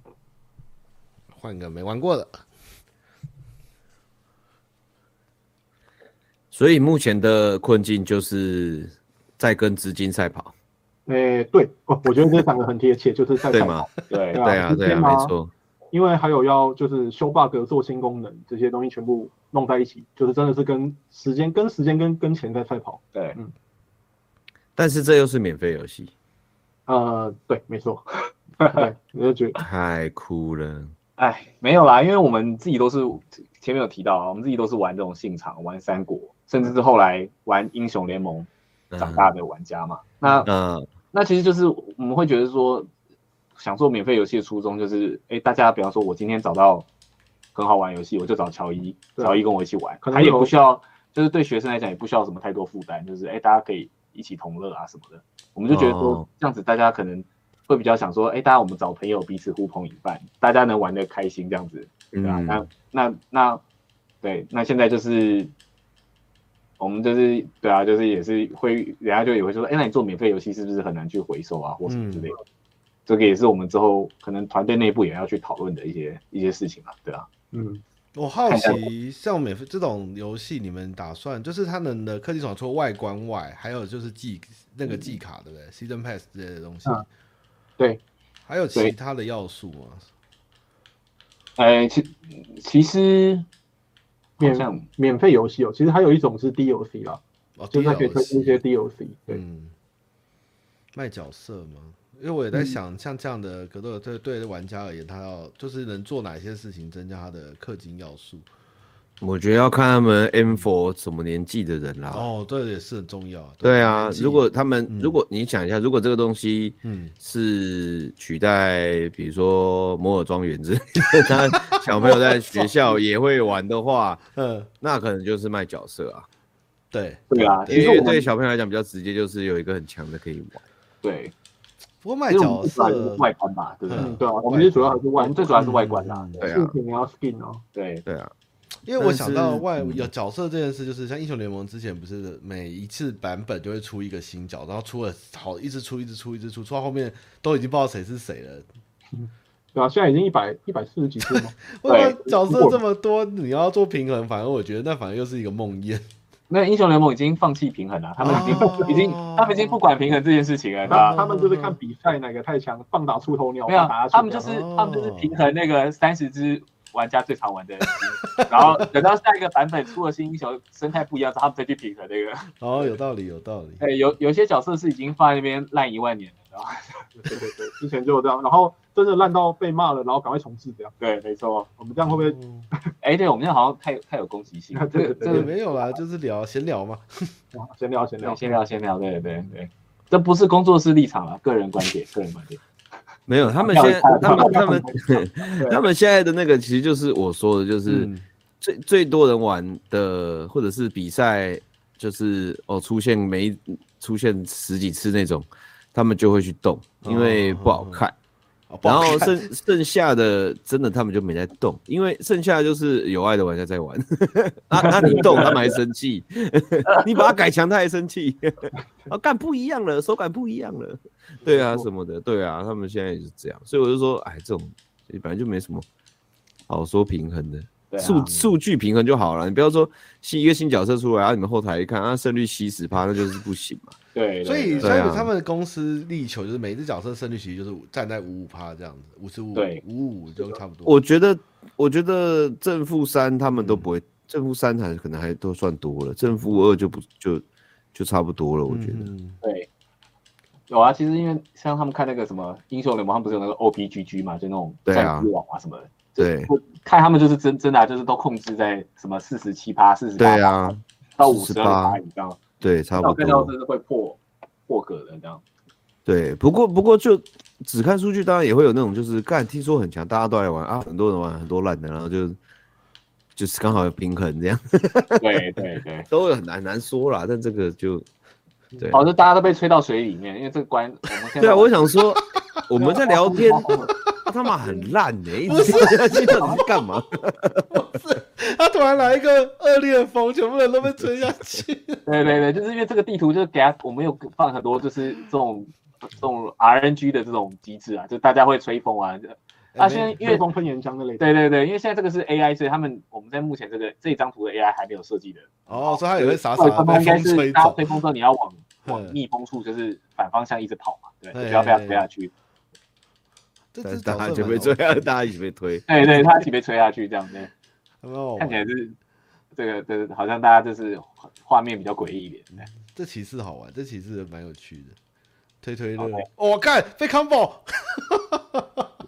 Speaker 2: 嗯，換個沒玩過的。所以目前的困境就是在跟資金賽跑。
Speaker 4: 誒、欸，對，哦，我覺得這講得很貼切，就是在賽跑，對對啊，對啊，對啊，沒錯，因為還有要就是修 bug、做新功能這些東西全部弄在一起，就是真的是跟時間、跟時間、跟跟錢在賽跑，對，嗯。
Speaker 2: 但是這又是免費遊戲。呃，對，沒錯， [LAUGHS] [LAUGHS] [LAUGHS] 我就覺得太酷了。哎，沒有啦，因為我們
Speaker 3: 自己都是前面有提到啊，我們自己都是玩這種信長、玩三國、嗯，甚至是後來玩英雄聯盟長大的玩家嘛，呃、那嗯。呃那其實就是我們會覺得說，想做免費遊戲的初衷就是，哎、欸，大家，比方說，我今天找到很好玩遊戲，我就找喬伊，喬伊跟我一起玩，可能他也不需要，就是對學生來講也不需要什麼太多負擔，就是，哎、欸，大家可以一起同樂啊什麼的，我們就覺得說這樣子大家可能會比較想說，哎、欸，大家我們找朋友彼此呼朋引伴，大家能玩得開心這樣子，對、啊嗯、那那那，對，那現在就是。我們就是對啊，就是也是會，人家就以為說說、欸，那你做免費遊戲是不是很難去回收啊，或什麼之類的？嗯、這個也是我們之後可能團隊內部也要去討論的一些一些事情嘛、啊，對啊。嗯，
Speaker 1: 我好奇，像免費這種遊戲，你們打算就是他們的科技產出除了外觀外，還有就是季、嗯、那個季卡，對不對、嗯？Season Pass 之類的東西、啊。對，還有其他的要素嗎？
Speaker 3: 哎，其、呃、
Speaker 1: 其實。免免
Speaker 4: 費遊戲哦，其實還有一種是 DLC 啦、啊，就是
Speaker 1: 在給推出一些 DLC、啊、對、嗯，賣角色嗎？因為我也在想，像這樣的格鬥、嗯、對對玩家而言，他要就是能做哪些事情增加他的氪金要素。.
Speaker 2: 我覺得要看他們 aim for 什麼年紀的人啦。
Speaker 1: 哦，這也是很重要。
Speaker 2: 對，對啊，如果他們、嗯，如果你想一下，如果這個東西，嗯，是取代、嗯，比如說摩爾莊園之類的，嗯、 [LAUGHS] 小朋友在學校也會玩的話，嗯， [LAUGHS] 那可能就是賣角色啊。對，對啊，因為對小朋友來講比較直接，就是有一個很強的可以玩。對，
Speaker 1: 不過賣角色
Speaker 4: 就是外觀吧，對不對？、嗯、對啊，我們最主要還是外，嗯、最主
Speaker 2: 要
Speaker 1: 是
Speaker 4: 外觀啦。對啊，你要
Speaker 1: skin 哦。對對啊。對啊對啊。因為我想到外、嗯、有角色這件事，就是像英雄聯盟之前不是每一次版本就會出一個新角色，然後出了好一直出一直出一直出，到後面都已經不知道誰是誰了。對、嗯、啊，現在已經一百一百四十幾次了。為 [LAUGHS] 了角色這麼多？你要做平衡，反正我覺得那反正又是一個夢魘。那英雄聯盟已經
Speaker 3: 放棄平衡了，他們已經、啊、已經他們已經不管平衡這件事情了，啊啊、他們就是看比賽哪個太強，棒打出頭鳥。沒有、啊，他們就是、啊、他們就是平衡那個三十隻。玩家最常玩的， [LAUGHS] 然後等到下一個版本出了新英雄，生態不一樣， [LAUGHS] 是他們再去平衡的
Speaker 1: 這個。哦，有道理，有道理。哎、
Speaker 3: 欸，有有些角色是已經放在那邊爛一萬年了， [LAUGHS] 對吧？對對對，之前就這樣，然後真的爛到被罵了，然後趕快重置這樣。對，沒錯，我們這樣會不會？哎、嗯欸，對，我們這樣好像太太有攻擊
Speaker 4: 性了。 [LAUGHS] 對，對，對，對，對，沒
Speaker 1: 有啦，就是聊閒聊嘛，閒聊閒聊閒聊閒聊，對聊聊對對對，對，這不是工作室立場啦，個人觀點， [LAUGHS] 個人觀
Speaker 2: 點。沒有，他們現在他們他們他們，他們現在的那個，其實就是我說的，就是最、嗯、最多人玩的，或者是比賽，就是哦出現沒出現十幾次那種，他們就會去動，因為不好看。嗯嗯好好，然後剩剩下的真的他們就沒在動，因為剩下就是有愛的玩家在玩。那、 [LAUGHS] 啊啊、你動，他們還生氣； [LAUGHS] 你把它改強，他還生氣。 [LAUGHS] 啊，幹不一樣了，手感不一樣了。對啊，什麼的，對啊，他們現在也是這樣。所以我就說，哎，這種本來就沒什麼好說平衡的。數數、啊、據平衡就好了，你不要說新一個新角色出來，然、啊、後你們後台一看啊，勝率七十趴，那就是不行嘛。對,對,對，所以所以他
Speaker 1: 們的公司力求就是每一個角色勝率其實就是站在五五趴這樣子，五十五對五五就差不多。我覺
Speaker 2: 得我覺得正負三他們都不會，嗯、正負三還可能還都算多了，正負二就不就就差不多了。我覺得、嗯、對，有啊，其
Speaker 3: 實因為像他們看那個什麼英雄聯盟，他們不是有那個 OPGG 嘛，就那種賽網啊什麼的。對啊
Speaker 2: 對，看他們就是
Speaker 3: 真真的，就是都控制在什麼四十七趴，四十八，對啊，到五十趴，你知道
Speaker 2: 對，差不多。這樣我看到真
Speaker 3: 是會破破格的這樣。
Speaker 2: 對，不過不過就只看數據，當然也會有那種就是看聽說很強，大家都愛玩啊，很多人玩很多爛的，然後就就是剛好有平衡這樣。 [LAUGHS] 對對對，都很難難說啦，但這個就對。好
Speaker 3: 像、哦，大家都被吹到
Speaker 2: 水裡面，因為這個關 [LAUGHS] 對啊，我想說我們在聊天。 [LAUGHS] [LAUGHS] 啊、他媽很爛，你不是他幹嘛 [LAUGHS] ？
Speaker 1: 他突然來一個惡劣的風，全部人都被吹下
Speaker 2: 去。 [LAUGHS] 對對
Speaker 3: 對，就是因為這個地圖就是給他，我們有放很多就是這種這種 R N G 的這種機制啊，就大家會吹風啊，他、欸啊、現在月
Speaker 4: 光噴岩漿之類的。對
Speaker 3: 對對，因為現在這個是 A I，所以他們我們在目前這個這張圖的 A I 還沒有設計的
Speaker 1: 哦。哦，所以他也會傻傻的。應該是他吹，吹風之後，
Speaker 3: 你要往往逆風處就是反方向一直跑嘛，對，欸、就不要被他吹下去。欸欸
Speaker 2: 但是大家就被追，大家一起被推。
Speaker 3: [LAUGHS] 對，對對，他一起被推下去，這樣對。
Speaker 1: [LAUGHS] 看起來、就是
Speaker 3: 這個，就是好像大家就是畫面比較詭異一點。嗯、
Speaker 1: 這騎士好玩，這騎士蠻有趣的，推推樂。我、okay. 看、哦，被 combo！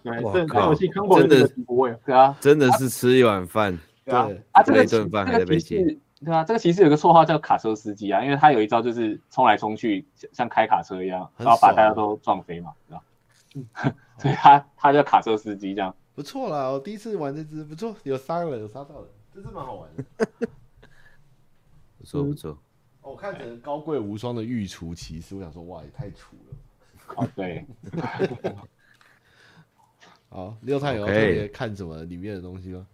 Speaker 1: [LAUGHS] 對，哇靠，這遊戲 combo 的這是真的不會，對啊，真的是吃
Speaker 2: 一碗飯，對啊，對啊、啊、啊這個一頓飯還在被接、啊，這個這
Speaker 3: 個。對啊，這個騎士有個綽號叫卡車司機啊，因為他有一招就是衝來衝去，像開卡車一樣，然後把大家都撞飛嘛，啊、知吧？ [LAUGHS] 所以他他叫卡車司機，這樣
Speaker 1: 不錯啦。我第一次玩這隻不錯，有殺了，有殺到了，真是蠻好玩
Speaker 2: 的。不 [LAUGHS] 錯不錯。我、嗯
Speaker 1: 哦、看只高貴無雙的御廚騎士，我想說，哇，也太土了。好、啊，對。 [LAUGHS] [LAUGHS] 好，六太有特別、okay、看什麼裡面的東西嗎？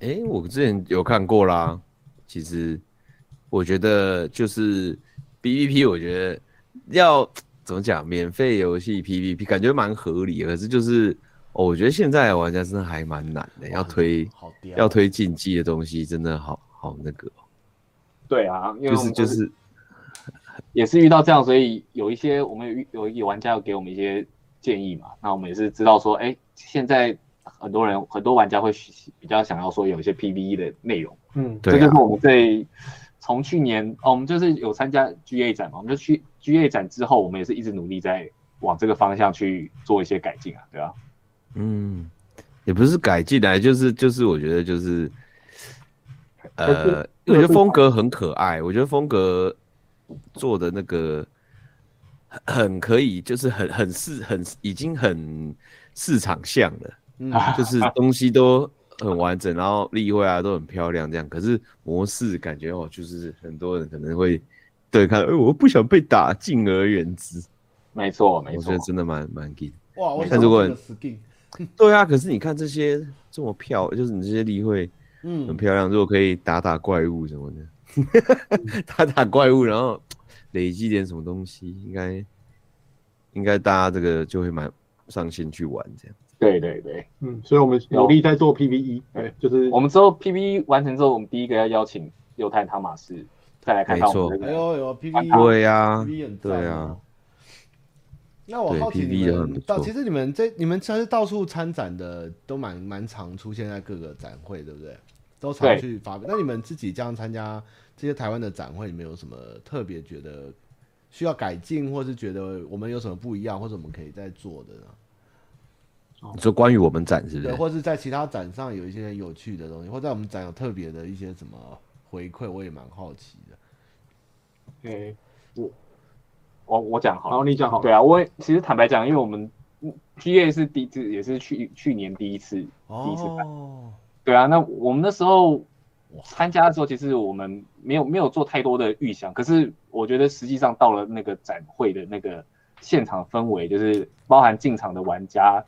Speaker 2: 哎、欸，我之前有看過啦。其實我覺得就是 BVP，我覺得要。怎麼講？免費遊戲 PVP 感覺蠻合理的，可是就是、哦，我覺得現在的玩家真的還蠻難、欸嗯、的，要推要推競技的東西，真的好好那個。
Speaker 3: 對啊，就是就是， [LAUGHS] 也是遇到這樣，所以有一些我們有有，有玩家要給我們一些建議嘛，那我們也是知道說，哎、欸，現在很多人很多玩家會比較想要說有一些 PVE 的內容，嗯，
Speaker 1: 對、
Speaker 2: 啊，就，就是我
Speaker 3: 們最從去年，哦，我們就是有參加 GA 展嘛，我們就去。居業展之後，我們也是一直努力在往這個方向去做一些改進啊，對吧、啊？
Speaker 2: 嗯，也不是改進來、啊，就是就是我覺得就是，
Speaker 3: 呃，我覺得風
Speaker 2: 格很可愛，我覺得風格做的那個很可以，就是很很市很，很已經很市場向了，嗯，就是東西都很完整，啊、然後立繪啊都很漂亮，這樣可是模式感覺哦，就是很多人可能會。嗯對，看，哎、欸，我不想被打，敬而遠之。沒錯，沒錯，我覺得真的蠻蠻勁。哇，我什麼很 g 死勁？對啊，可是你看這些這麼漂就是你這些立繪，嗯，很漂亮、嗯。如果可以打打怪物什麼的， [LAUGHS] 打打怪物，然後累積點什麼東西，應該應該大家這個就會蠻上線去玩這樣。對對對，嗯，
Speaker 4: 所以我們努力在做 PVE，對，
Speaker 3: 就是我們之後 PVE 完成之後，我們第一個要邀請猶太湯瑪士。
Speaker 2: 再來看沒錯，哎呦呦，PPT、啊、會對啊。那我好奇你們，啊，其
Speaker 1: 實你們這你們算是到處參展的，都蠻蠻常出現在各個展會，對不對？都常去發表。那你們自己這樣參加這些台灣的展會，你們有什麼特別覺得需要改進，或是覺得我們有什麼不一樣，或者我們可以再做的呢？就關
Speaker 2: 於我們展是不是？對，或
Speaker 1: 是在其他展上有一些很有趣，有一些很有趣的東西，或在我們展有特別的一些什麼回饋，我也蠻好奇的。誒、okay.，我我我講好，然、oh, 後你講好，對啊，我也其實坦白講，因為我們
Speaker 3: GA 是第一次也是去去年第一次、oh. 第一次辦，對啊，那我們那時候參加的時候，其實我們沒有沒有做太多的預想，可是我覺得實際上到了那個展會的那個現場氛圍，就是包含進場的玩家，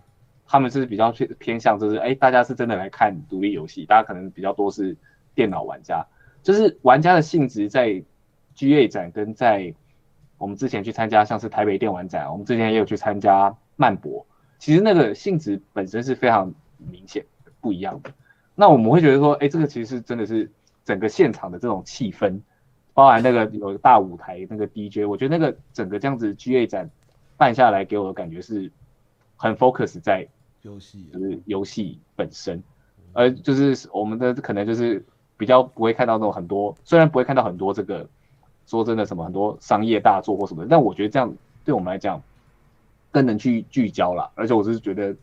Speaker 3: 他們是比較去偏向，就是哎、欸，大家是真的來看獨立遊戲，大家可能比較多是電腦玩家，就是玩家的性質在。G A 展跟在我們之前去參加，像是台北電玩展，我們之前也有去參加漫博，其實那個性質本身是非常明顯不一樣的。那我們會覺得說，哎、欸，這個其實是真的是整個現場的這種氣氛，包含那個有大舞台那個 D J，我覺得那個整個這樣子 G A 展辦下來給我的感覺是很 focus 在遊戲，就是遊戲本身、啊，而就是我們的可能就是比較不會看到那種很多，雖然不會看到很多這個。說真的，什麼很多商業大作或什麼的，但我覺得這樣對我們來講，更能去聚焦了。而且我是覺得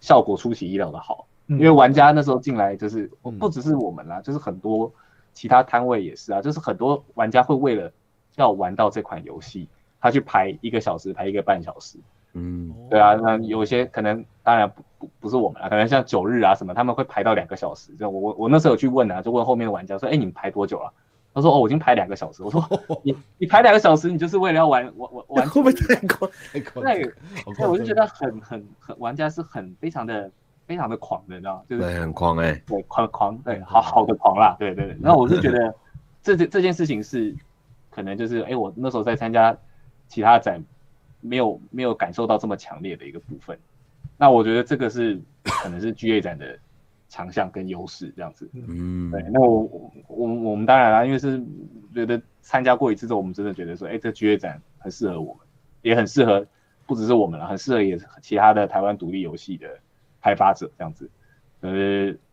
Speaker 3: 效果出奇意料的好，嗯，因為玩家那時候進來就是，不只是我們啦，啊，就是很多其他攤位也是啊，就是很多玩家會為了要玩到這款遊戲，他去排一個小時，排一個半小時。嗯，對啊，那有些可能當然不不不是我們啦，啊，可能像九日啊什麼，他們會排到兩個小時。這我我我那時候有去問啊，就問後面的玩家說，哎，欸，你們排多久了，啊？他說：“哦，我已經排兩個小時。”我說：“你你排兩個小時，你就是為了要玩玩玩玩？”會不會太狂？太狂。那，我就覺得很很很，玩家是很非常的非常的狂的，你知道嗎？
Speaker 2: 就是對很狂哎、欸，對，狂
Speaker 3: 狂對，好好的狂啦，對對對。那我就覺得這這件事情是可能就是哎、欸，我那時候在參加其他展，沒有沒有感受到這麼強烈的一個部分。那我覺得這個是可能是 GA 展的。 [LAUGHS] 強項跟優勢這樣子，嗯，對，那我我我，我們當然啦、啊，因為是覺得參加過一次之後，我們真的覺得說，哎、欸，這職業展很適合我們，也很適合不只是我們啦，很適合也是其他的台灣獨立遊戲的開發者這樣子，呃。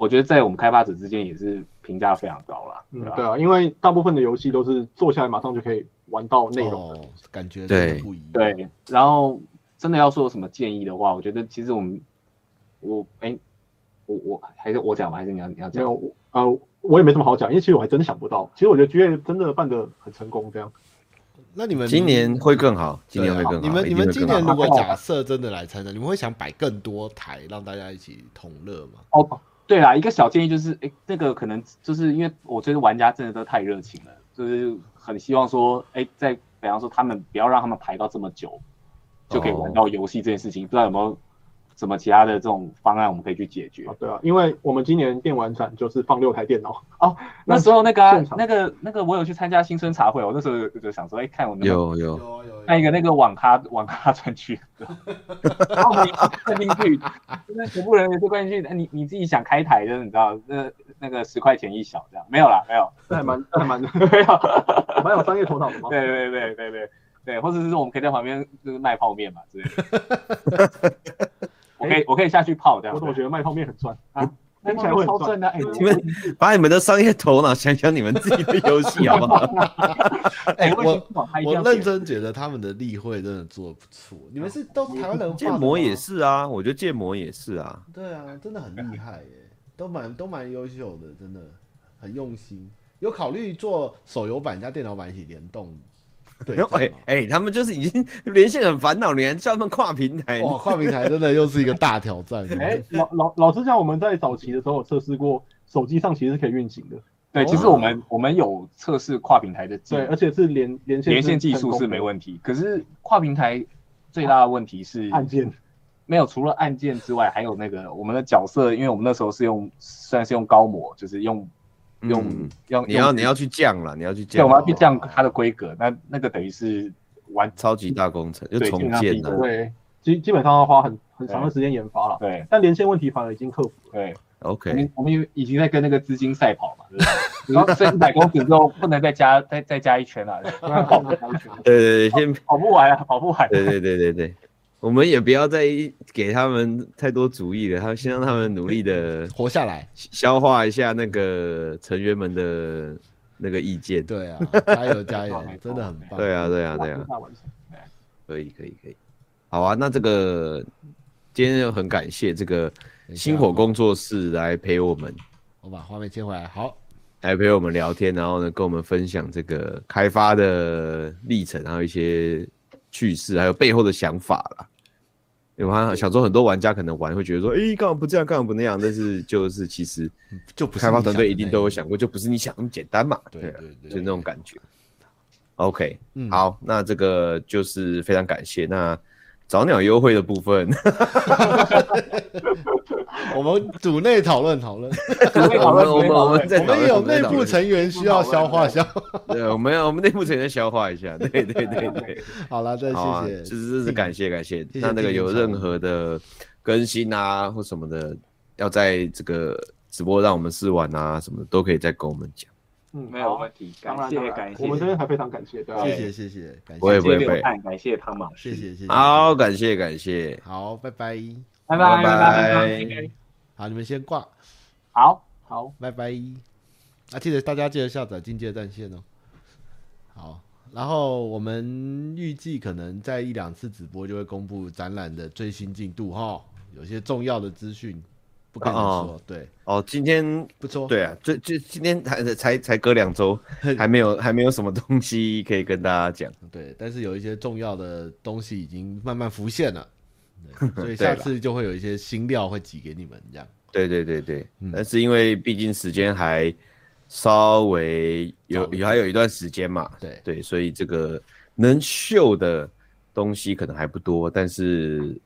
Speaker 3: 我覺得在我們開發者之間也是評價非常高了。嗯，對啊，因為大部分的遊戲都是坐下來馬上就可以玩到內容，哦，感覺對不一樣。對，對，然後真的要說有什麼建議的話，我覺得其實我們，我哎、欸，我我還是我講吧，還是你要你要講？我啊、呃，我
Speaker 4: 也沒什麼好講，因為其實我還真的想不到。其實我覺得 G A 真的辦得很成功，這樣。
Speaker 2: 那你們今年會更好，今年會更好。啊、更好你們你們今年如果
Speaker 1: 假設真的來參加、啊，你們會想擺更多台讓大家一起同樂嗎？好對啦，一個小建議就是，哎，那個可能就
Speaker 3: 是因為我覺得玩家真的都太熱情了，就是很希望說，哎，在，比方說他們不要讓他們排到這麼久，就可以玩到遊戲這件事情，oh. 不知道有沒有？什麼其他的這種方案我們可以去解決？哦、對啊，因為我們今年電玩展就是放六台電腦哦，那時候那個那、啊、個那個，那個、我有去參加新春茶會，我那時候就想說，哎、欸，看我們、那個、有有有有看一個那個網咖網咖專區，然後、 [LAUGHS] [LAUGHS] 哦、你進去，那服務人員就關心。哎，你你自己想開台，的，你知道那那個十塊錢一小這樣，沒有啦，沒有，嗯、這還蠻 [LAUGHS] 還蠻蠻 [LAUGHS] 沒有蠻 [LAUGHS] 有商業頭腦的嗎。對對對對對對，對或者是,是我們可以在旁邊就是賣泡面嘛之類的。對
Speaker 4: 對對 [LAUGHS] 我可以、欸，我可以下去泡，的。我怎麼覺得賣泡麵很賺啊？聽
Speaker 2: 起來超賺的、啊。哎、欸，你們把你們的商業頭腦想想你們自己的遊戲好不好？
Speaker 1: [LAUGHS] 欸欸、我我，我認真
Speaker 2: 覺得他們的立繪真的做得不錯、啊。你們是
Speaker 1: 都是台灣人化的？建模也是
Speaker 2: 啊，我覺得建模也是啊。
Speaker 1: 對啊，真的很厲害耶、欸，都蠻都蠻優秀的，真的很用心，有考慮做手遊版加電腦版一起聯動
Speaker 2: 對，哎、欸欸、他們就是已經連線很煩惱，你還叫他們跨平台，跨平台真的又是一個大挑戰。哎、 [LAUGHS] 欸，
Speaker 4: 老老老實講，我們在早期的時候有測試過，手機上其實是可以運行的。
Speaker 3: 對，其實我們、嗯、我們有測試跨平台的技。對，而且是連連線連線技術是沒問題，可是跨平台最大的問題是、啊、按鍵。沒有，除了按鍵之外，還有那個我們的角色，因為我們那時候是用雖然是用高模，就是用。
Speaker 2: 用用、嗯、用你要你要去降了，你要去降，要去降。對，我們要去降它的規格，那那個等於是完超級大工程，就重建了。
Speaker 4: 對，基基本上要花很很長的時間研發了。對，但連線問題反而已經克服
Speaker 2: 了。對，OK，我們已經已經在跟那個資金賽跑
Speaker 3: 嘛。對，你要先買公平之後，不能再加再 [LAUGHS] 再加一圈了。跑
Speaker 2: 對，對，對，先跑，跑不完啊，跑不完、啊。對對對對對，對。我們也不要再給他們太多主意了，他先讓他們努力的活下來，消化一下那個成員們的那個意見。對
Speaker 1: 啊，加油加
Speaker 3: 油， [LAUGHS] 真的很棒。對啊，對啊，對啊。對啊，
Speaker 2: 可以可以可以，好啊，那這個今天很感謝這個星火工作室來陪我們，
Speaker 1: 我把畫面切回來，好，
Speaker 2: 來陪我們聊天，然後呢，跟我們分享這個開發的歷程，還有一些。趣事，還有背後的想法了。有啊，小時候很多玩家可能玩會覺得說，哎，幹、欸、嘛不這樣，幹嘛不那樣，但是就是其實 [LAUGHS] 就，開發團隊一定都有想過想，就不是你想那麼簡單嘛。對，對，對，對，對，就那、是、種感覺。OK，好、嗯，那這個就是非常感謝那。早鳥優惠的部分，哈哈哈，我們組內討論討論，討論我們我們我們，我們有內部成
Speaker 1: 員需要消化消，
Speaker 2: 化，對，我們有我們內部成員消化一下， [LAUGHS] 對對對對，
Speaker 1: 好了，再謝謝，啊、就是
Speaker 2: 就是感謝感謝，那那個有任何的更新啊或什麼的，要在這個直播讓我們試玩啊什麼的，都可以再跟我們講。
Speaker 3: 嗯，沒有問題。感謝當然當然，感
Speaker 2: 謝。我們這邊
Speaker 1: 還非常感謝，感謝對吧？謝謝，謝
Speaker 2: 謝，感謝，謝謝。感謝湯姆，謝謝，謝謝。好，感謝，感
Speaker 1: 謝拜拜拜拜拜拜。好，拜拜，拜拜，好，你們先掛。好，好，拜拜。那、啊、記得大家記得下載《盡界戰線》哦。好，然後我們預計可能在一兩次直播就會公布展覽的最新進度哈、哦，有些重要的資訊。
Speaker 2: 不敢說，啊、哦對哦，今天不抽，對啊，就就今天還才才才隔兩周， [LAUGHS] 還沒有還沒有什麼東西可以跟大家講，
Speaker 1: 對，但是有一些重要的東西已經慢慢浮現了，所以下次就會有一些新料會寄給你們，這樣
Speaker 2: 對，對對對對， [LAUGHS] 嗯、但是因為畢竟時間還稍微有，有還有一段時間嘛，對對，所以這個能秀的東西可能還不多，但是。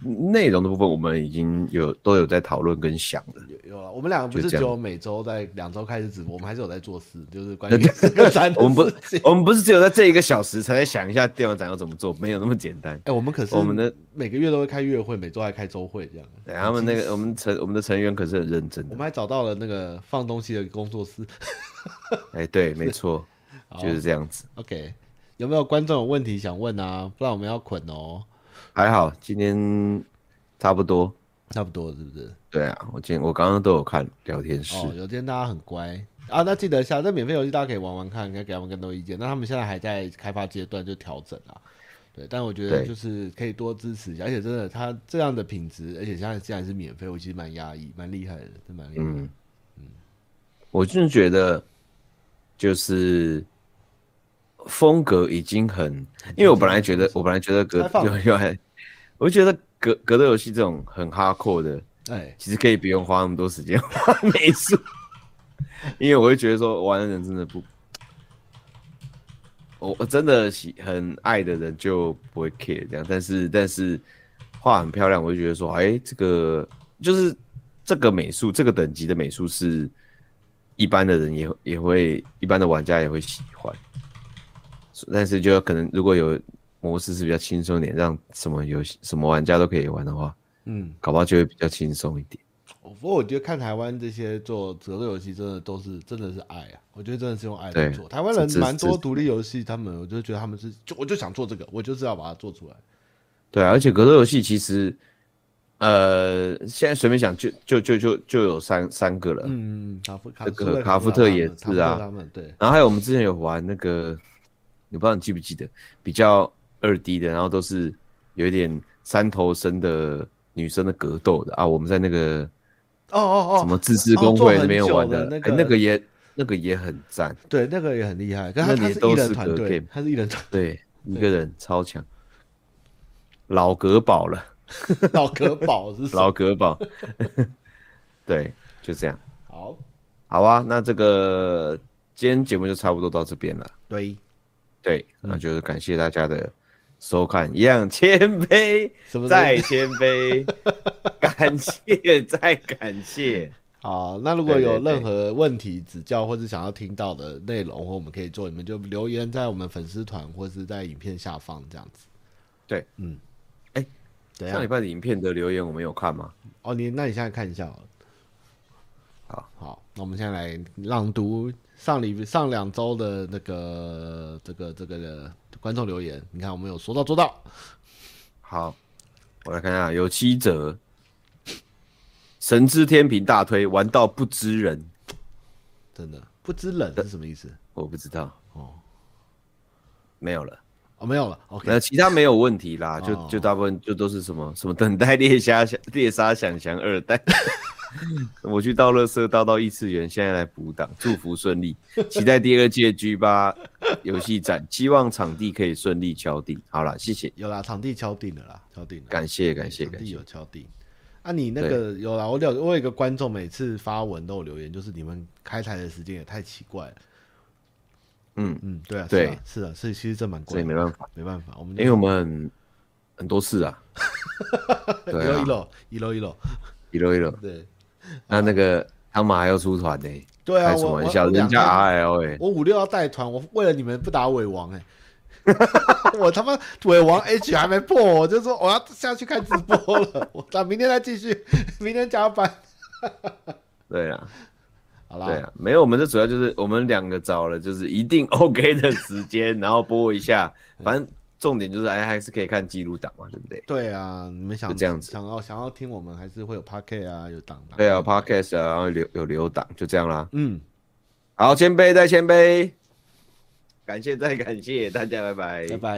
Speaker 2: 內容的部分，我們已經有都有在討論跟想了。
Speaker 1: 有有我們兩個不是只有每周在兩週開始直播，我們還是有在做事，就是關於 [LAUGHS] 我們不，
Speaker 2: 我們不是只有在這一個小時才在想一下電玩展要怎麼做，沒有那麼簡單。欸、我們可是我們的
Speaker 1: 每個月都會開月會，每周還開周會這樣。對，他們那個
Speaker 2: 我們成我們的成員可是很認真
Speaker 1: 的。我們還找到了那個放東西的工作室。哎、 [LAUGHS] 欸，對，沒錯，就是這樣子。OK，有沒有觀眾有問題想問啊？不然我們要捆哦。
Speaker 2: 還好，今天差不多，差不多是不是？對啊，我今我剛剛都有看聊天室，
Speaker 1: 哦、有天大家很乖啊，那記得下這免費遊戲大家可以玩玩看，應該給他們更多意見。那他們現在還在開發階段，就調整啊，對。但我覺得就是可以多支持一下，而且真的，他這樣的品質，而且現在既然是免費，我其實蠻訝異，蠻厲害的，真蠻厲
Speaker 2: 害的。嗯嗯，我就是覺得就是風格已經很，因為我本來覺得我本來覺得格又又我就覺得格格鬥遊戲這種很 hardcore 的，哎，其實可以不用花那麼多時間畫美術，因為我會覺得說玩的人真的不，我我真的喜很愛的人就不會 care 這樣，但是但是畫很漂亮，我就覺得說，哎，這個就是這個美術這個等級的美術是，一般的人也也會一般的玩家也會喜歡，但是就可能如果有。模式是比較輕鬆點，讓什麼遊戲、什麼玩家都可以玩的話，嗯，搞不好就會比較輕鬆一點，哦。
Speaker 1: 不過我覺得看台灣這些做格鬥遊戲，真的都是真的是愛啊！我覺得真的是用愛來做。台灣人蠻多獨立遊戲，他們我就覺得他們是就我就想做這個，我就是要把它做出來。
Speaker 2: 對，啊，而且格鬥遊戲其實，呃，現在隨便想就就就就就有三三個了。嗯，卡夫、這個、卡夫特也是啊，對。然後還有我們之前有玩那個，你不知道你記不記得比較。二 D 的，然後都是有一點三頭身的女生的格鬥的啊，我們在那個哦哦哦，什麼自制工會那邊玩的，哦的那個欸，那個也那個也很贊，
Speaker 1: 對，那個也很厲害。他那他、個、都是團隊，他是一人
Speaker 2: 對,對一個人超強，老格寶了，
Speaker 1: [LAUGHS] 老格寶是什麼？老格寶，
Speaker 2: [LAUGHS] 對，就這樣。好，好啊，那這個今天節目就差不多到這邊了，對，對，那就是感謝大家的。收看，一樣謙卑，什麼再謙卑， [LAUGHS] 感謝，再感謝。 [LAUGHS] 好，
Speaker 1: 那如果有任何問題指教，或者想要聽到的內容，或我們可以做，你們就留言在我們粉絲團，或是在影片下方這樣子。
Speaker 2: 對，嗯，哎、欸啊，上禮拜的影片的留言我們有
Speaker 1: 看嗎？哦，你那你現在看一下好了。好好，那我們現在來朗讀上禮上兩周的那個這個這個。這個的觀眾留言，你看我們有說到做到。
Speaker 2: 好，我來看一下，有七折，神之天平大推，玩到不知人，真的不知冷是什麼意思？我不知道哦，哦，沒有了哦，沒有了，okay。那其他沒有問題啦，就就大部分就都是什麼哦哦哦什麼等待獵殺，獵殺想降二代。 [LAUGHS] [LAUGHS] 我去倒樂色，倒到異次元，現在來補檔，祝福順利，期待第二屆 G 8遊戲展，期 [LAUGHS] 望場地可以順利敲定。好了，謝謝。有啦，
Speaker 1: 場地敲定了啦，敲
Speaker 2: 定了。感謝感謝，有敲定。
Speaker 1: 啊，你那個有啦，我有我有一個觀眾每次發文都有留言，就是你們開台的時間也太奇怪了。嗯嗯，
Speaker 2: 對啊，啊對，是的、啊，是、啊、是，其實這蠻怪，沒辦法，沒辦法。因為我們很多次啊， [LAUGHS] 啊一樓一樓一樓一樓一樓， [LAUGHS] 對。 [LAUGHS] 那那個、啊、他們還要出團呢、欸？對啊，開什麼玩笑？人家 R L 哎，
Speaker 1: 我五六要帶團，我為了你們不打尾王哎、欸， [LAUGHS] [LAUGHS] 我他媽尾王 H 還沒破，我就說我要下去開直播了，我打明天再繼續，明天加班。 [LAUGHS]
Speaker 2: 對啊，好啦，對啊，沒有，我們這主要就是我們兩個找了就是一定 OK 的時間，然後播一下，反正。 [LAUGHS] 重點就是，哎，還是可以看記錄檔嘛，
Speaker 1: 對不對？對啊，你們想這樣子，想要想要聽我們，還是會有 podcast 啊，有檔
Speaker 2: 吧？對啊，podcast 啊，然後留有留檔，就這樣啦。嗯，好，謙卑再謙卑，
Speaker 1: 感謝再感謝，大家拜拜， [LAUGHS] 拜拜。